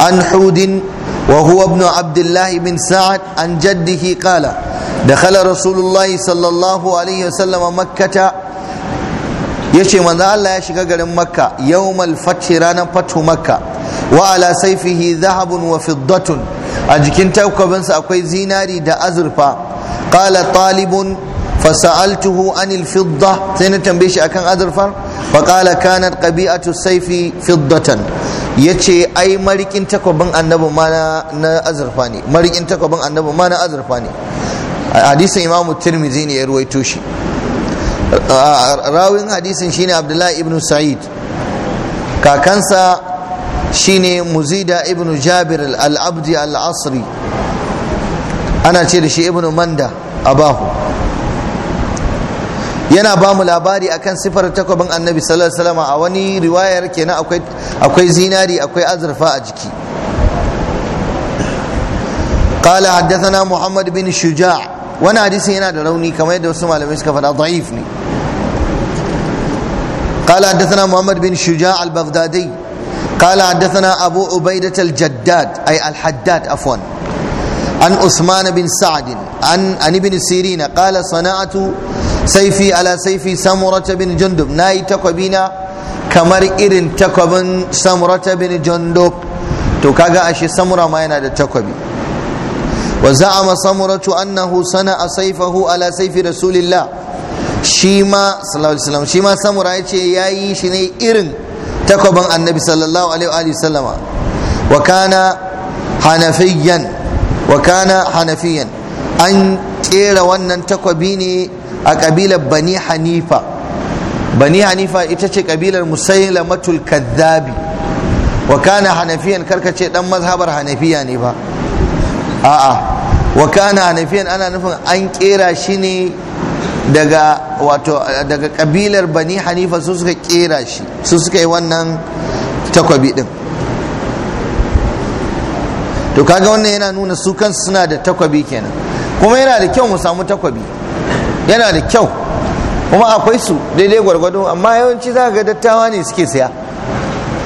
عن حود وهو ابن عبد الله بن سعد عن جده قال دخل رسول الله صلى الله عليه وسلم مكة yace manzo ya shiga garin Makka Yau fathi ranar fathu Makka wa ala sayfihi dhahabun wa fiddatun a jikin takwabinsa akwai zinari da azurfa قال طالب فسألته عن الفضة سينا تنبيش أكن أذرفر فقال كانت قبيعة السيف فضة يتشي أي مريك انتكو بن النبو ما نا أذرفاني مريك انتكو بن النبو ما نا أذرفاني حديث إمام الترمذي يروي توشي راوين حديث شين عبد الله ابن سعيد كاكنسا شين مزيدة ابن جابر العبد العصري ana ce da shi ibnu manda abahu yana ba mu labari akan sifar takwabin annabi sallallahu alaihi wasallam a wani riwayar kenan akwai akwai zinari akwai azurfa a jiki قال حدثنا محمد بن شجاع وانا حديثي هنا دروني كما يدعو سمع لم يسكف ضعيف قال حدثنا محمد بن شجاع البغدادي قال حدثنا ابو عبيده الجداد اي الحداد عفوا an usman bin sa'd an an ibn sirin qala sana'atu saifi ala saifi samurata bin jundub nayi takwabina kamar irin takwabin samurata bin jundub to kaga ashe samura ma yana da takwabi wa za'ama samuratu annahu sana'a saifahu ala saifi rasulillah shi ma sallallahu alaihi wasallam shi ma samura yace yayi shi ne irin takwaban annabi sallallahu alaihi wa wa hanafiyyan wa kana hanafiyan an kera wannan takwabi ne a kabilar bani hanifa bani hanifa ita ce kabilar musailamatul kadhabi wa kana hanafiyan karkace dan mazhabar hanafiya ne ba a'a wa kana hanafiyan ana nufin an kera shi ne daga wato daga kabilar bani hanifa su suka kera shi su suka yi wannan takwabi din to kaga wannan yana nuna su kansu suna da takwabi kenan kuma yana da kyau mu samu takwabi yana da kyau kuma akwai su daidai gwargwado amma yawanci za ga dattawa ne suke siya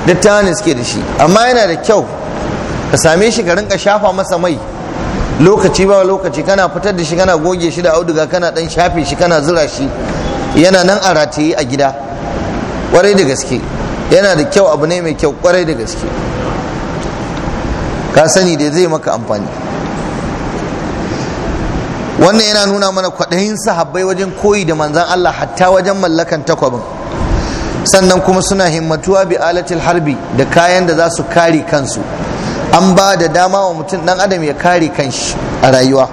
dattawa ne suke da shi amma yana da kyau ka same shi ka rinka shafa masa mai lokaci ba lokaci kana fitar da shi kana goge shi da auduga kana dan shafe shi kana zura shi yana nan a rataye a gida kwarai da gaske yana da kyau abu ne mai kyau kwarai da gaske ka sani da zai maka amfani wannan yana nuna mana kwaɗayin sahabbai wajen koyi da manzan Allah hatta wajen mallakan takwabin sannan kuma suna himmatuwa bi alatil harbi da kayan da za su kare kansu an ba da dama wa mutum ɗan adam ya kare kanshi a rayuwa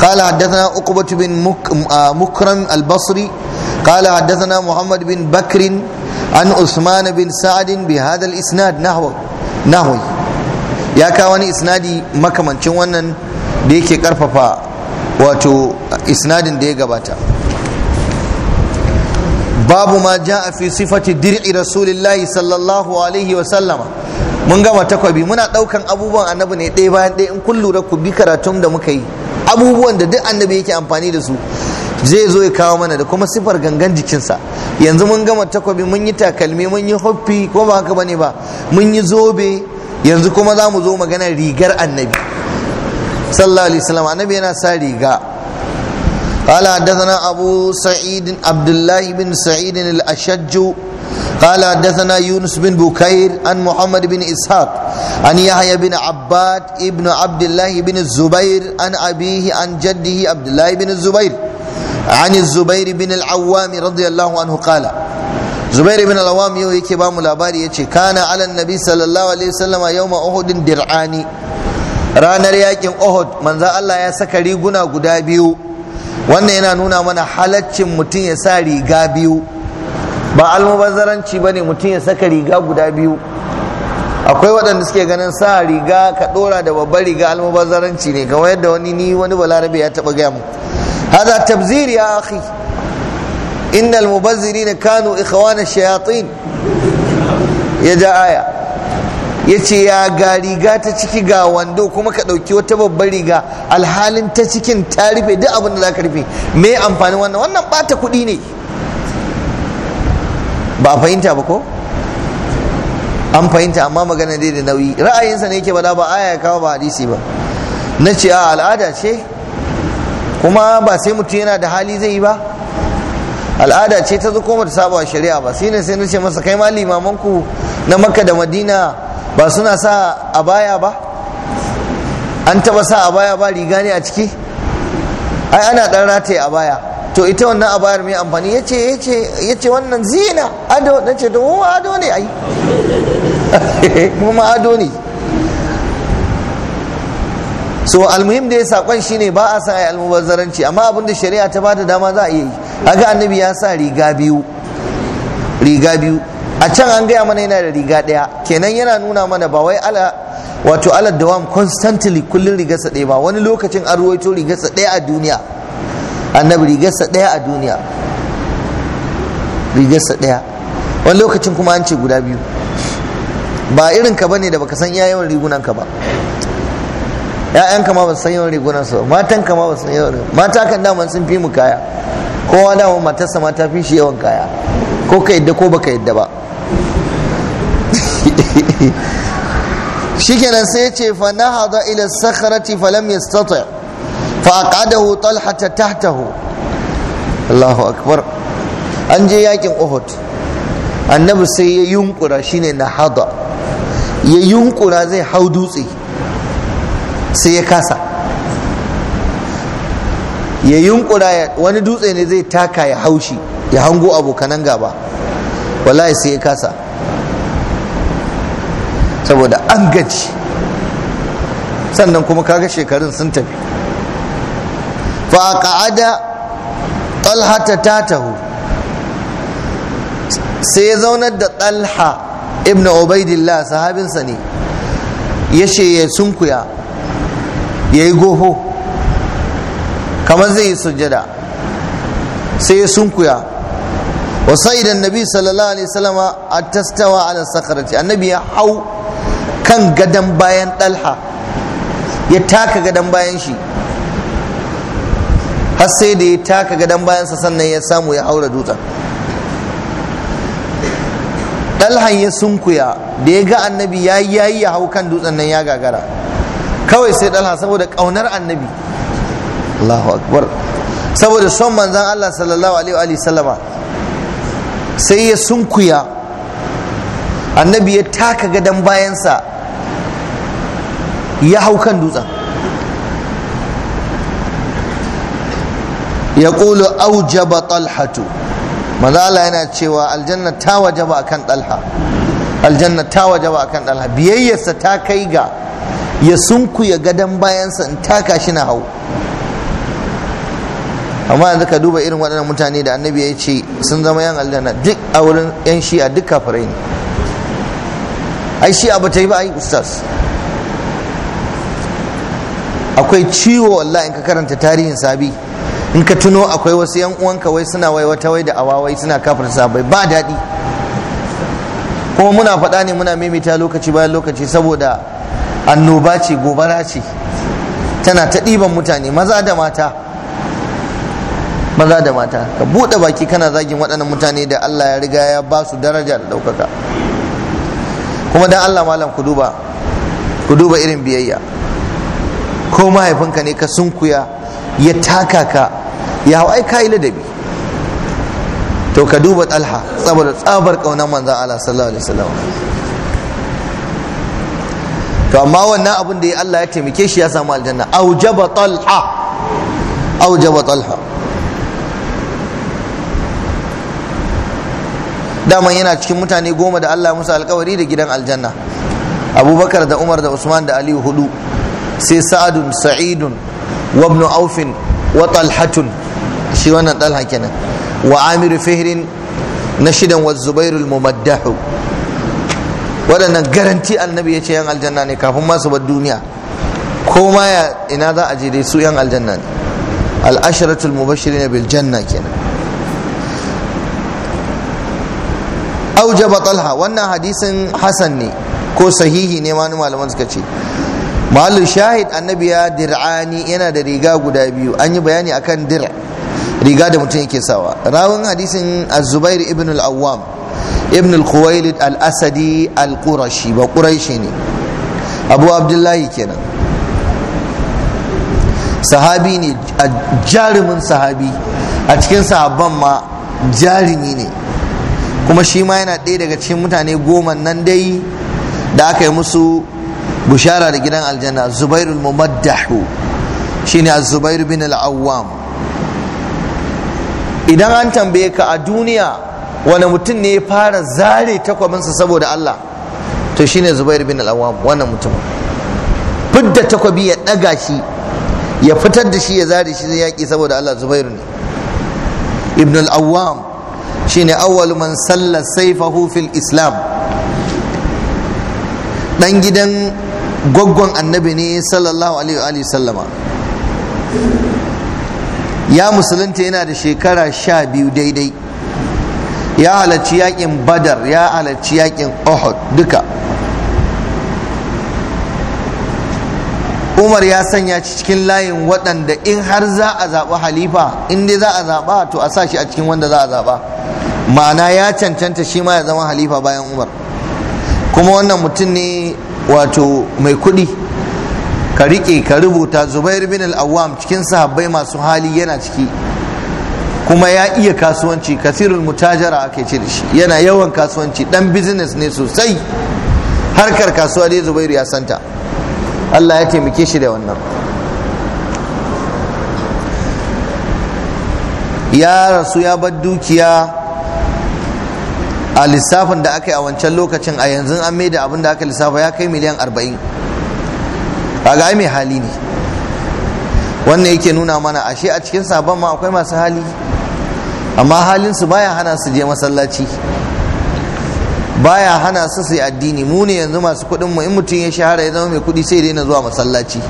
قال حدثنا عقبة بن مكرم البصري قال حدثنا محمد بن بكر عن عثمان بن سعد بهذا الإسناد نحو نحوي ya kawo wani isnadi makamancin wannan da yake karfafa wato isnadin da ya gabata babu ma ja a fi sifati dir'i rasulillahi sallallahu alaihi wa sallama mun gama takwabi muna daukan abubuwan annabi ne ɗaya bayan ɗaya in kun lura ku bi karatun da muka yi abubuwan da duk annabi yake amfani da su zai zo ya kawo mana da kuma sifar gangan jikinsa yanzu mun gama takwabi mun yi takalmi mun yi hoffi ko ba haka ne ba mun yi zobe yanzu kuma za mu zo magana rigar annabi sallallahu alaihi wasallam annabi yana sa riga قال حدثنا أبو سعيد عبد الله بن سعيد الأشج قال حدثنا يونس بن بكير عن محمد بن إسحاق عن يحيى بن عباد ابن عبد الله بن الزبير عن أبيه عن جده عبد الله بن الزبير عن الزبير بن العوام رضي الله عنه قال zubair ibn al-awam yau yake ba mu labari yace kana ala nabi sallallahu alaihi wasallama yawma uhudin dir'ani ranar yakin uhud manzo Allah ya saka riguna guda biyu wannan yana nuna mana halaccin mutum ya sa riga biyu ba almubazzaranci bane mutum ya saka riga guda biyu akwai waɗanda suke ganin sa riga ka dora da babbar riga almubazzaranci ne kamar yadda wani ni wani balarabe ya taɓa gaya mu hada tabziri ya akhi innal المبذرين كانوا na الشياطين ya ja yace ya ce ga riga ta ciki ga wando kuma ka ɗauki wata babbar riga alhalin ta cikin ta rufe duk abin da za ka rufe me amfani wannan wannan bata kuɗi ne ba a fahimta ba ko an fahimta amma magana dai da nauyi ra'ayinsa ne yake bada ba aya ya kawo ba hadisi ba na ce a al'ada ce kuma ba sai mutum yana da hali zai yi ba al'ada ce ta zuko mata saba shari'a ba shine sai nace masa kai ma limaman ku na makka da madina ba suna sa a baya ba an taba sa a baya ba riga ne a ciki ai ana dan rataye a baya to ita wannan abayar mai amfani yace yace yace wannan zina ado nace to wa ado ne ai kuma ado ne so almuhim da ya sakon shine ba a sa ai almubazzaranci amma abinda shari'a ta bada dama za a iya yi aga annabi ya sa riga biyu riga biyu a can an gaya mana yana da riga ɗaya kenan yana nuna mana ba wai ala wato ala dawam constantly kullum rigarsa ɗaya ba wani lokacin an ruwaito rigarsa ɗaya a duniya annabi rigarsa ɗaya a duniya rigarsa ɗaya wani lokacin kuma an ce guda biyu ba irin ka bane da baka san iya yawan rigunan ka ba ya'yanka ma ba san yawan rigunan su matan ka ma ba san yawan mata kan daman sun fi mu kaya kowa dama matarsa ma ta fi shi yawan kaya ko ka yadda ko baka yadda ba shikenan sai ce fa na hada ila sakharati fa lam yastati fa aqadahu ta tahtahu Allahu akbar an je yakin Uhud annabi sai ya yunkura shine hada. ya yunkura zai hau dutse sai ya kasa ya yunkura wani dutse ne zai taka ya haushi ya hango abokanan gaba wallahi sai ya kasa saboda an gaji sannan kuma kaga shekarun sun tafi fa qa'ada ta tatahu sai ya zaunar da talha ibn ubaidillah sahabinsa ne ya she sunkuya ya yi goho kamar zai yi sujjada sai ya sunkuya wa sa'idan nabi sallallahu alaihi wasallama attastawa ala sakarati annabi ya hau kan gadan bayan dalha ya taka gadan bayan shi har sai da ya taka gadon sa sannan ya samu ya haura dutsen dalhan ya sunkuya da ya ga annabi ya yi ya hau kan dutsen nan ya gagara kawai sai dalha saboda kaunar annabi Allahu akbar saboda son manzan Allah sallallahu alaihi wa sallama sai ya sunkuya annabi ya taka gadon bayansa ya hau kan dutsen ya ƙulu aujaba talhatu maza Allah yana cewa aljanna ta wajaba akan talha aljanna ta wajaba akan talha biyayyarsa ta kai ga ya sunkuya gadon bayansa in taka shi na hau amma yanzu ka duba irin waɗannan mutane da annabi ya ce sun zama yan aljanna duk a wurin yan shi'a duk kafirai ne ai shi'a ba ta yi ba ai ustaz akwai ciwo wallahi in ka karanta tarihin sabi in ka tuno akwai wasu yan uwanka wai suna wai wata wai da awawai suna kafir sabai ba daɗi kuma muna faɗa ne muna maimaita lokaci bayan lokaci saboda annoba ce gobara ce tana ta ɗiban mutane maza da mata maza da mata ka buɗe baki kana zagin waɗannan mutane da Allah ya riga ya ba su daraja da ɗaukaka kuma dan Allah malam ku duba ku duba irin biyayya ko mahaifinka ne ka sunkuya ya taka ka ya hau ka yi ladabi to ka duba talha saboda tsabar kaunar manzan Allah sallallahu alaihi wasallam to amma wannan abin da Allah ya taimake shi ya samu aljanna aujaba talha aujaba talha dama yana cikin mutane goma da Allah musu alkawari da gidan aljanna abubakar da umar da usman da aliyu hudu sai sa'adun sa'idun wa ibn aufin wa talhatun shi wannan talha kenan wa amiru fihrin na shidan wa zubairul mumaddahu waɗannan garanti annabi ya ce yan aljanna ne kafin masu ba duniya ko ma ya ina za a je dai su yan aljanna ne al'ashiratul mubashirin bil janna kenan aujaba talha wannan hadisin hasan ne ko sahihi ne ma malaman suka ce mahallu shahid annabi ya dir'ani yana da riga guda biyu an yi bayani akan dir riga da mutum yake sawa Rawan hadisin az-zubair ibn al-awwam ibn al-khuwailid al-asadi al-qurashi ba quraishi ne abu abdullahi kenan sahabi ne a jarumin sahabi a cikin sahabban ma jarumi ne kuma shi ma yana ɗaya daga cikin mutane goma nan dai da aka yi musu bushara da gidan aljanna zubairul mumaddahu shine az-zubair bin al-awwam idan an tambaye ka a duniya wani mutum ne ya fara zare takwabinsa saboda Allah to shine zubair bin al-awwam wannan mutum fidda takwabi ya daga shi ya fitar da shi ya zare shi zai yaki saboda Allah zubair ne ibn al-awwam shine awwalu man salla saifahu fil islam dan gidan gwaggon annabi ne sallallahu alaihi wa sallama ya musulunta yana da shekara sha biyu daidai ya halarci yakin badar ya halarci yakin uhud duka umar ya sanya cikin layin waɗanda in har za a zaɓi halifa in za a zaɓa to a sa shi a cikin wanda za a zaɓa ma'ana ya cancanta shi ma ya zama halifa bayan umar kuma wannan mutum ne wato mai kuɗi ka riƙe ka rubuta zubair bin al cikin sahabbai masu hali yana ciki kuma ya iya kasuwanci kasirul mutajara ake ce da shi yana yawan kasuwanci dan business ne sosai harkar kasuwa dai zubairu ya santa Allah ya taimake shi da wannan ya rasu ya bar dukiya a lissafin da aka yi a wancan lokacin a yanzu an maida abin da aka lissafa ya kai miliyan arba'in A ga mai hali ne wannan yake nuna mana ashe a cikin sabon ma akwai masu hali amma halinsu baya hana su je masallaci baya hana su su yi addini mu ne yanzu masu kuɗin mu in mutum ya shahara ya zama mai kuɗi sai daina zuwa masallaci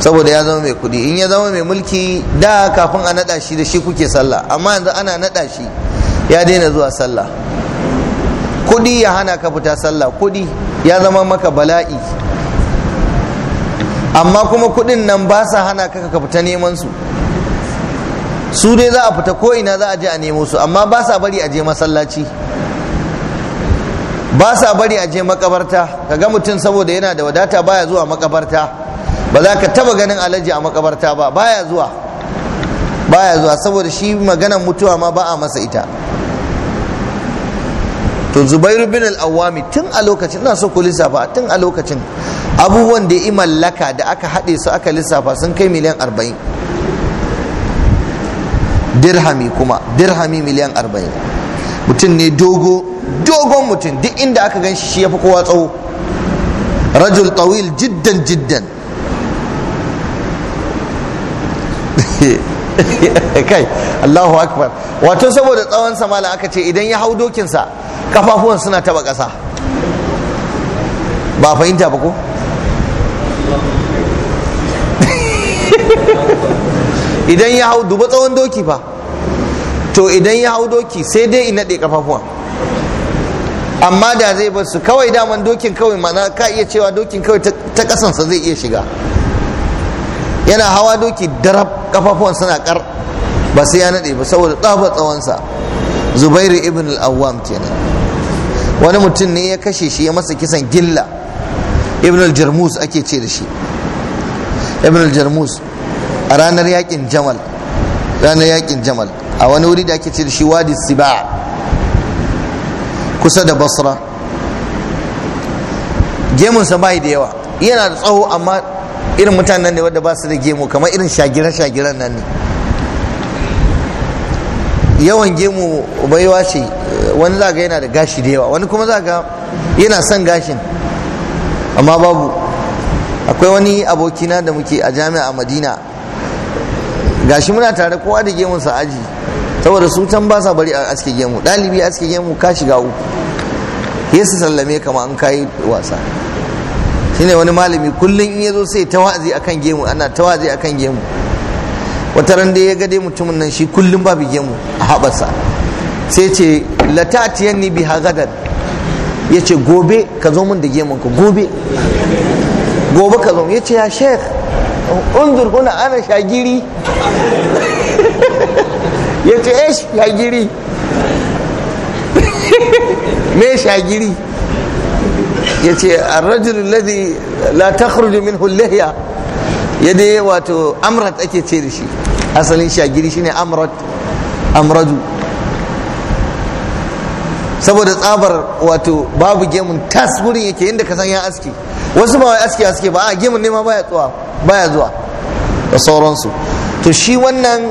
saboda ya zama mai kuɗi in ya zama mai mulki da kafin a naɗa shi da shi kuke sallah amma yanzu ana naɗa shi ya daina zuwa sallah kudi ya hana ka fita sallah kudi ya zama maka bala'i amma kuma kudin nan ba sa hana ka ka fita neman su su dai za a fita ko ina za a je a nemo su amma ba sa bari a je masallaci ba sa bari a je makabarta ga mutum saboda yana da wadata baya zuwa makabarta ba za ka taba ganin alaji a makabarta ba baya zuwa baya zuwa saboda shi maganan mutuwa ma ba a masa ita to zubairu bin al-awwami tun a lokacin ina so ku lissafa tun a lokacin abubuwan da ya mallaka da aka haɗe su aka lissafa sun kai miliyan arba'in dirhami kuma dirhami miliyan arba'in mutum ne dogo dogon mutum duk inda aka gan shi ya fi kowa tsawo rajul tawil jiddan jiddan kai Allahu akbar wato saboda tsawon samala aka ce idan ya hau dokinsa kafafuwan suna taba ƙasa ba fahimta ba ko idan ya hau duba tsawon doki fa to idan ya hau doki sai dai ina naɗe kafafuwa amma da zai bar su kawai daman dokin kawai mana ka iya cewa dokin kawai ta kasansa zai iya shiga yana hawa doki darab kafafuwan suna kar ba sai ya naɗe ba saboda tsafa tsawonsa zubairu ibn al-awwam kenan wani mutum ne ya kashe shi ya masa kisan gilla ibn al-jarmus ake ce da shi ibn al-jarmus a ranar yakin jamal ranar yakin jamal a wani wuri da ake ce da shi wadi siba kusa da basra gemunsa bai da yawa yana da tsawo amma irin mutanen ne wadda ba su da gemu kamar irin shagiran-shagiran nan ne yawan gemu baiwa ce wani zaga yana da gashi da yawa wani kuma zaga yana son gashin amma babu akwai wani abokina da muke a jami'a madina gashi muna tare kowa da sa aji saboda su can ba sa bari a aske gemu ɗalibi aske gemu ka shiga uku yesu sallame kama an kayi wasa shine wani malami kullum in ya zo sai tawazi akan gemu ana tawazi akan gemu wata ran da ya ga dai mutumin nan shi kullum ba gemu a haɓarsa sai ce latatiyan ni biha gadar ya ce gobe ka zo mun da gemu ka gobe gobe ka zo ya ce ya sheikh undur kuna ana shagiri ya ce ya eh, shagiri me shagiri ya ce arrajul ladhi la takhruju minhu lihya ya wato amrat ake ce da shi asalin shagiri shine amrat amradu saboda tsabar wato babu gemun tas wurin yake inda ka san ya aski wasu ba wai aski aski ba a gemun ne ma baya zuwa baya zuwa da sauransu to shi wannan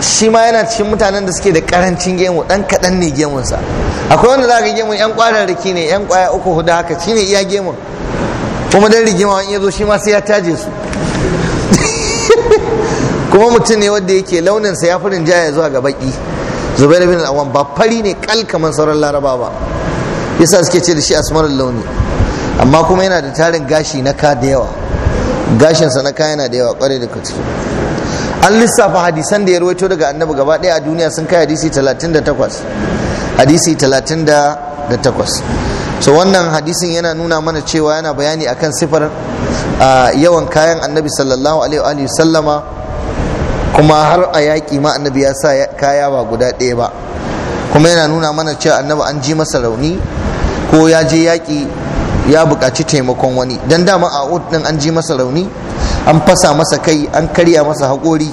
shi ma yana cikin mutanen da suke da karancin gemu dan kaɗan ne gemunsa akwai wanda za ka gemun yan riki ne yan kwaya uku hudu haka shine iya gemun kuma dan rigima in ya zo shi ma sai ya taje su kuma mutum ne wanda yake launinsa ya fi rinjaya zuwa ga baki zubairu bin al ba fari ne kal kamar sauran laraba ba yasa suke ce da shi asmarin launi amma kuma yana da tarin gashi na ka da yawa gashinsa na ka yana da yawa kwarai da gaske an lissafa hadisan da ya rawaito daga annabi gaba ɗaya a duniya sun kai hadisi 38 hadisi 38 so wannan hadisin yana nuna mana cewa yana bayani akan sifar ah, yawan kayan annabi sallallahu alaihi wa sallama kuma har a yaƙi ma annabi ya sa kaya ba guda ɗaya ba kuma yana nuna mana cewa annabi an ji masa rauni ko ya je yaƙi ya buƙaci taimakon wani don dama a uhud ɗin an ji masa rauni an fasa masa kai an karya masa haƙori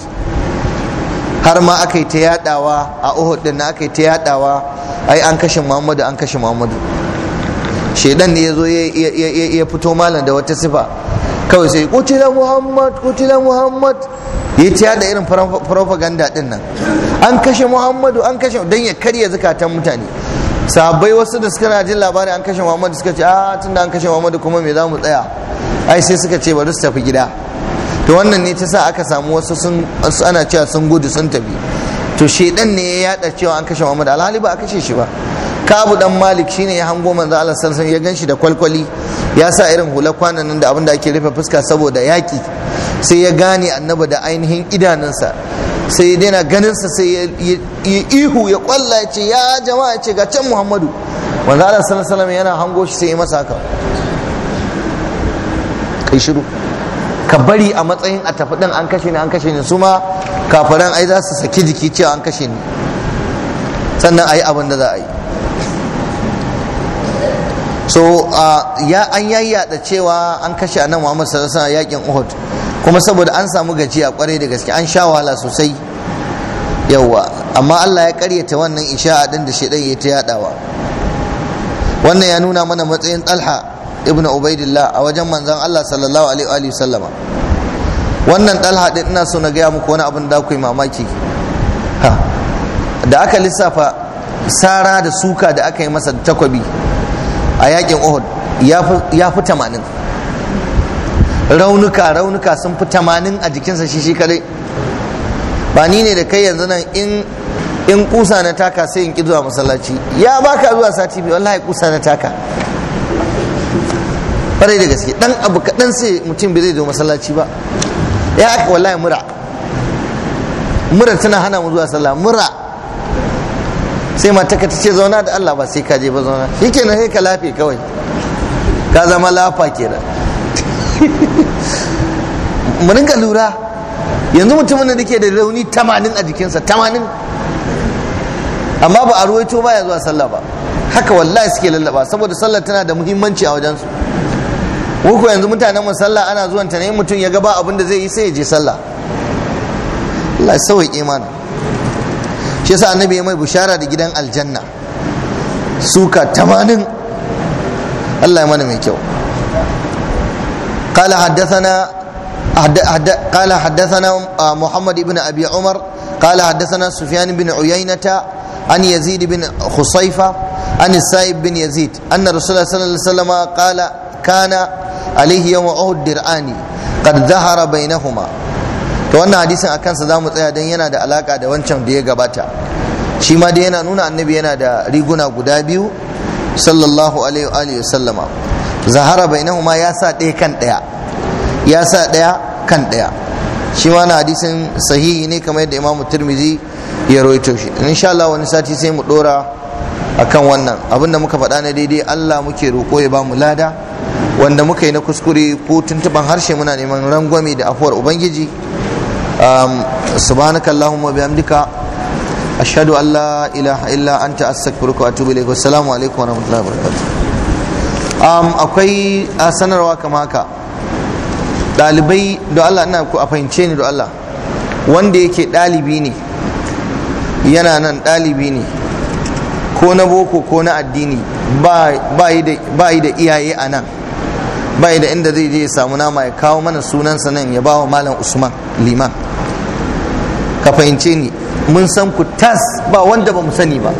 har ma aka yi ta yaɗawa a uhud ɗin na aka yi ta yaɗawa ai an kashe muhammadu an kashe muhammadu shaidan ne ya zo ya fito malam da wata sifa kawai sai kutila muhammad kutila muhammad ya ci da irin propaganda din nan an kashe muhammadu an kashe don ya karya zukatan mutane sabai wasu da suka jin labarin an kashe muhammadu suka ce a ah, tun da an kashe muhammadu kuma me za mu tsaya ai sai suka ce bari su tafi gida to wannan ne ta sa aka samu wasu sun ana cewa sun gudu sun tafi to shedan ne ya yada cewa an kashe muhammadu alhali ba a kashe shi ba kabu dan malik shine ya hango manzo Allah sallallahu alaihi wasallam ya ganshi da kwalkwali ya sa irin hula kwanan nan da abin da ake rufe fuska saboda yaki sai ya gane annabi da ainihin idanunsa sai ya daina ganinsa sai ya ihu ya kwalla ya ce ya jama'a ya ce ga can muhammadu wanda ala sallallahu yana hango shi sai ya masa haka kai shiru ka bari a matsayin a tafi ɗin an kashe ni an kashe ni su ma kafaran ai za su saki jiki cewa an kashe ni sannan ayi abin da za a yi so ya an yayyada cewa an kashe annabi Muhammad sallallahu alaihi wasallam yakin Uhud kuma saboda an samu gajiya kwarai da gaske an sha wahala sosai yawa amma Allah ya karyata wannan isha'a ɗin da shedan ya ta yadawa wannan ya nuna mana matsayin Talha Ibn Ubaidillah a wajen manzon Allah sallallahu alaihi wa sallama wannan Talha ɗin ina so na gaya muku wani abin da ku mamaki da aka lissafa sara da suka da aka yi masa takwabi a yakin Uhud ya fi 80 raunuka raunuka sun fi tamanin a jikinsa shi shi kadai ba ni ne da kai yanzu nan in in kusa na taka sai in ki zuwa masallaci ya baka zuwa sati biyu wallahi kusa na taka ƙwarai da gaske dan abu kaɗan sai mutum bai zai zo masallaci ba ya aka wallahi mura mura tana hana mu zuwa sallah mura sai mataka ta ce zauna da Allah ba sai ka je ba zauna na sai ka lafe kawai ka zama lafa kenan mu lura yanzu mutumin da ke da rauni tamanin a jikinsa tamanin amma ba a ruwaito baya zuwa sallah ba haka wallahi suke lallaba saboda sallah tana da muhimmanci a wajensu ko yanzu mutanen mu sallah ana zuwan ta ne mutum ya gaba abin da zai yi sai ya je sallah Allah sawai imani shi yasa annabi ya mai bushara da gidan aljanna suka tamanin Allah ya mana mai kyau قال حدثنا قال حدثنا محمد بن ابي عمر قال حدثنا سفيان بن عيينه عن يزيد بن خصيفه عن السائب بن يزيد ان رسول الله صلى الله عليه وسلم قال كان عليه يوم احد درعاني قد ظهر بينهما to wannan hadisin a kansa za mu tsaya don yana da alaka da wancan da ya gabata shi ma dai yana nuna annabi yana da riguna guda biyu sallallahu alaihi wa sallama zahara bainahuma ya sa ɗaya kan ɗaya ya sa ɗaya kan ɗaya shi ma na hadisin sahihi ne kamar yadda imamu turmizi ya roito shi insha Allah wani sati sai mu dora akan wannan abinda muka faɗa na daidai Allah muke roƙo ya ba mu lada wanda muka yi na kuskure ko tuntuban harshe muna neman rangwame da afuwar ubangiji um, subhanaka allahumma bihamdika ashhadu an la ilaha illa anta astaghfiruka wa atubu assalamu alaikum wa rahmatullahi wa Um, akwai uh, sanarwa kama haka ɗalibai da Allah ina ku a fahimce ni da Allah wanda yake dalibi ne yana nan dalibi ne ko na boko ko na addini ba yi da iyaye a nan ba yi da inda zai je ya samu nama ya kawo mana sunansa nan ya ba wa malam usman liman ka fahimce ni mun san ku tas ba wanda ba mu sani ba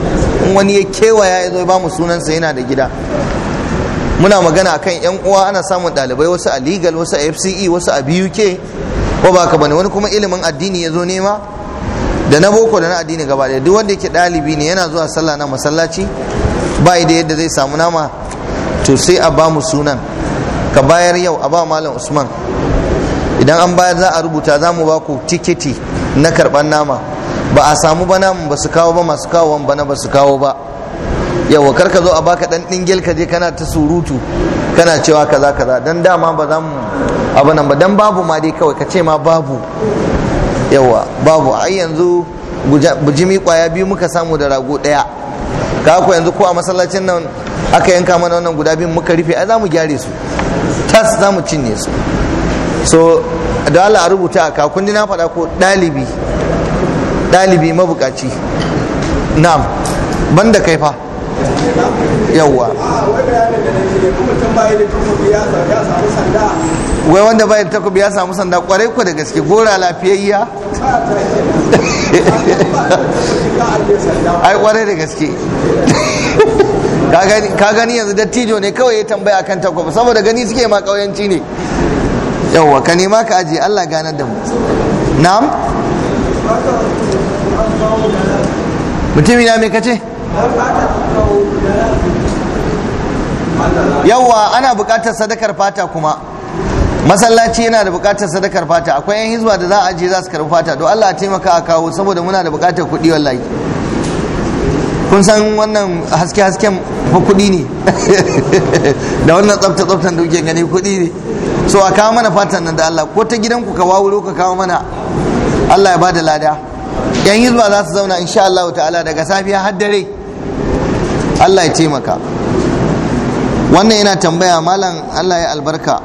wani ya kewaya ya zo ya ba mu sunansa yana da gida muna magana a kan yan uwa ana samun dalibai wasu a legal wasu a fce wasu a buk ko ba ka bane wani kuma ilimin addini ya zo nema da na boko da na addini gaba da duk wanda yake dalibi ne yana zuwa sallah na masallaci ba da yadda zai samu nama to sai a ba mu sunan ka bayar yau a ba malam usman idan an bayar za a rubuta za mu ba ku tikiti na karban nama ba a samu ba namun ba su kawo ba masu kawo bana ba su kawo ba yawa kar ka zo a baka dan dingil ka je kana ta surutu kana cewa kaza kaza dan dama ba za mu abu nan ba dan babu ma dai kawai ka ce ma babu yawa babu ai yanzu bujimi kwaya biyu muka samu da rago daya ka ku yanzu ko a masallacin nan aka yanka mana wannan guda biyu muka rufe ai za mu gyare su tas za mu cinye su so da Allah a rubuta a kun na faɗa ko ɗalibi ɗalibi mabukaci na'am banda kaifa yawwa wai wanda bayan takobi ya samu sanda kwarai ku da gaske gora lafiyayya ai kwarai da gaske ka gani yanzu dattijo ne kawai ya tambaya kan takobi saboda gani suke ma kauyanci ne yawwa ka nema ka ajiye allah ganar da mu na'am mutumina mai kace ce yawwa ana buƙatar sadakar fata kuma masallaci yana da buƙatar sadakar fata akwai yan hizba da za a je za su karbi fata don Allah taimaka a kawo saboda muna da buƙatar kuɗi wallahi kun san wannan haske hasken fa kuɗi ne da wannan tsafta tsaftan da kuke gani kuɗi ne so a kawo mana fatan nan da Allah ko ta gidanku ka wawuro ka kawo mana Allah ya bada lada yan hizba za su zauna insha Allah ta'ala daga safiya har dare Allah ya taimaka wannan yana tambaya malam Allah ya albarka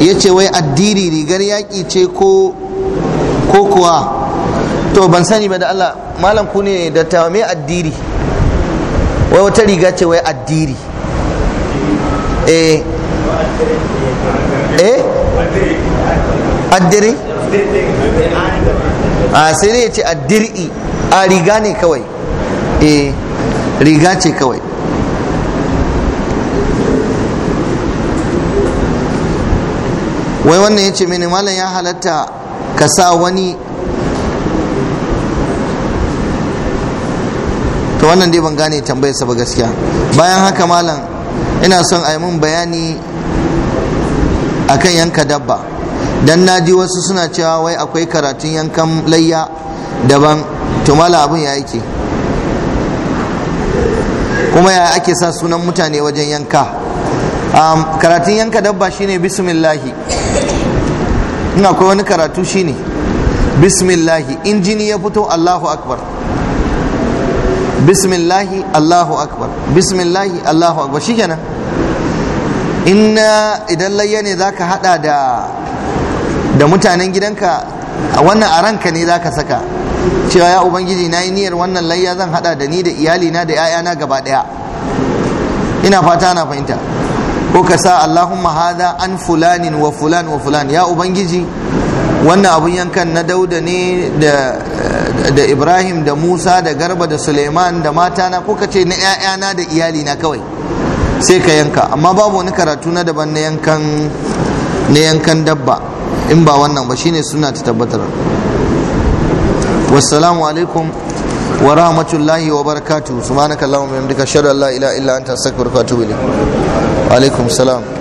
ya ce wai addiri rigar yaƙi ce ko kuwa to ban sani ba da Allah malam ku ne da ta mai addiri wai wata riga ce wai addiri eh eh addiri a sai dai ya ce a dir'i a riga ne kawai e riga ce kawai wai wannan ya ce minimalin ya halatta ka sa wani to wannan dai ban gane tambayarsa ba gaskiya bayan haka malam ina son a yi mun bayani akan yanka dabba dan naji wasu suna cewa wai akwai karatun yankan layya daban tumala abin ya yake kuma ya ake sa sunan mutane wajen yanka karatun yanka dabba shine bismillahi in akwai wani karatu shine bismillahi in jini ya fito allahu akbar bismillahi allahu akbar bismillahi allahu akbar shikenan ina idan layya ne zaka hada da da mutanen gidanka wannan a ranka ne zaka saka cewa ya ubangiji na yi niyyar wannan layya zan hada da ni da iyalina da 'ya'yana gaba daya ina fata na fahimta ko ka sa Allahumma hada an fulanin wa fulan wa fulan ya ubangiji wannan abun yankan na dauda ne da Ibrahim da Musa da Garba da Suleiman da matana ko ka ce na ‘ya'yana da iyalina kawai sai ka yanka amma babu wani karatu na daban na yankan dabba in ba wannan ba shine suna ta tabbatar wassalamu alaikum wa rahmatullahi wa barakatuh subhanakallahumma wa bihamdika ashhadu an la ilaha illa anta astaghfiruka wa atubu ilayk wa alaikum salam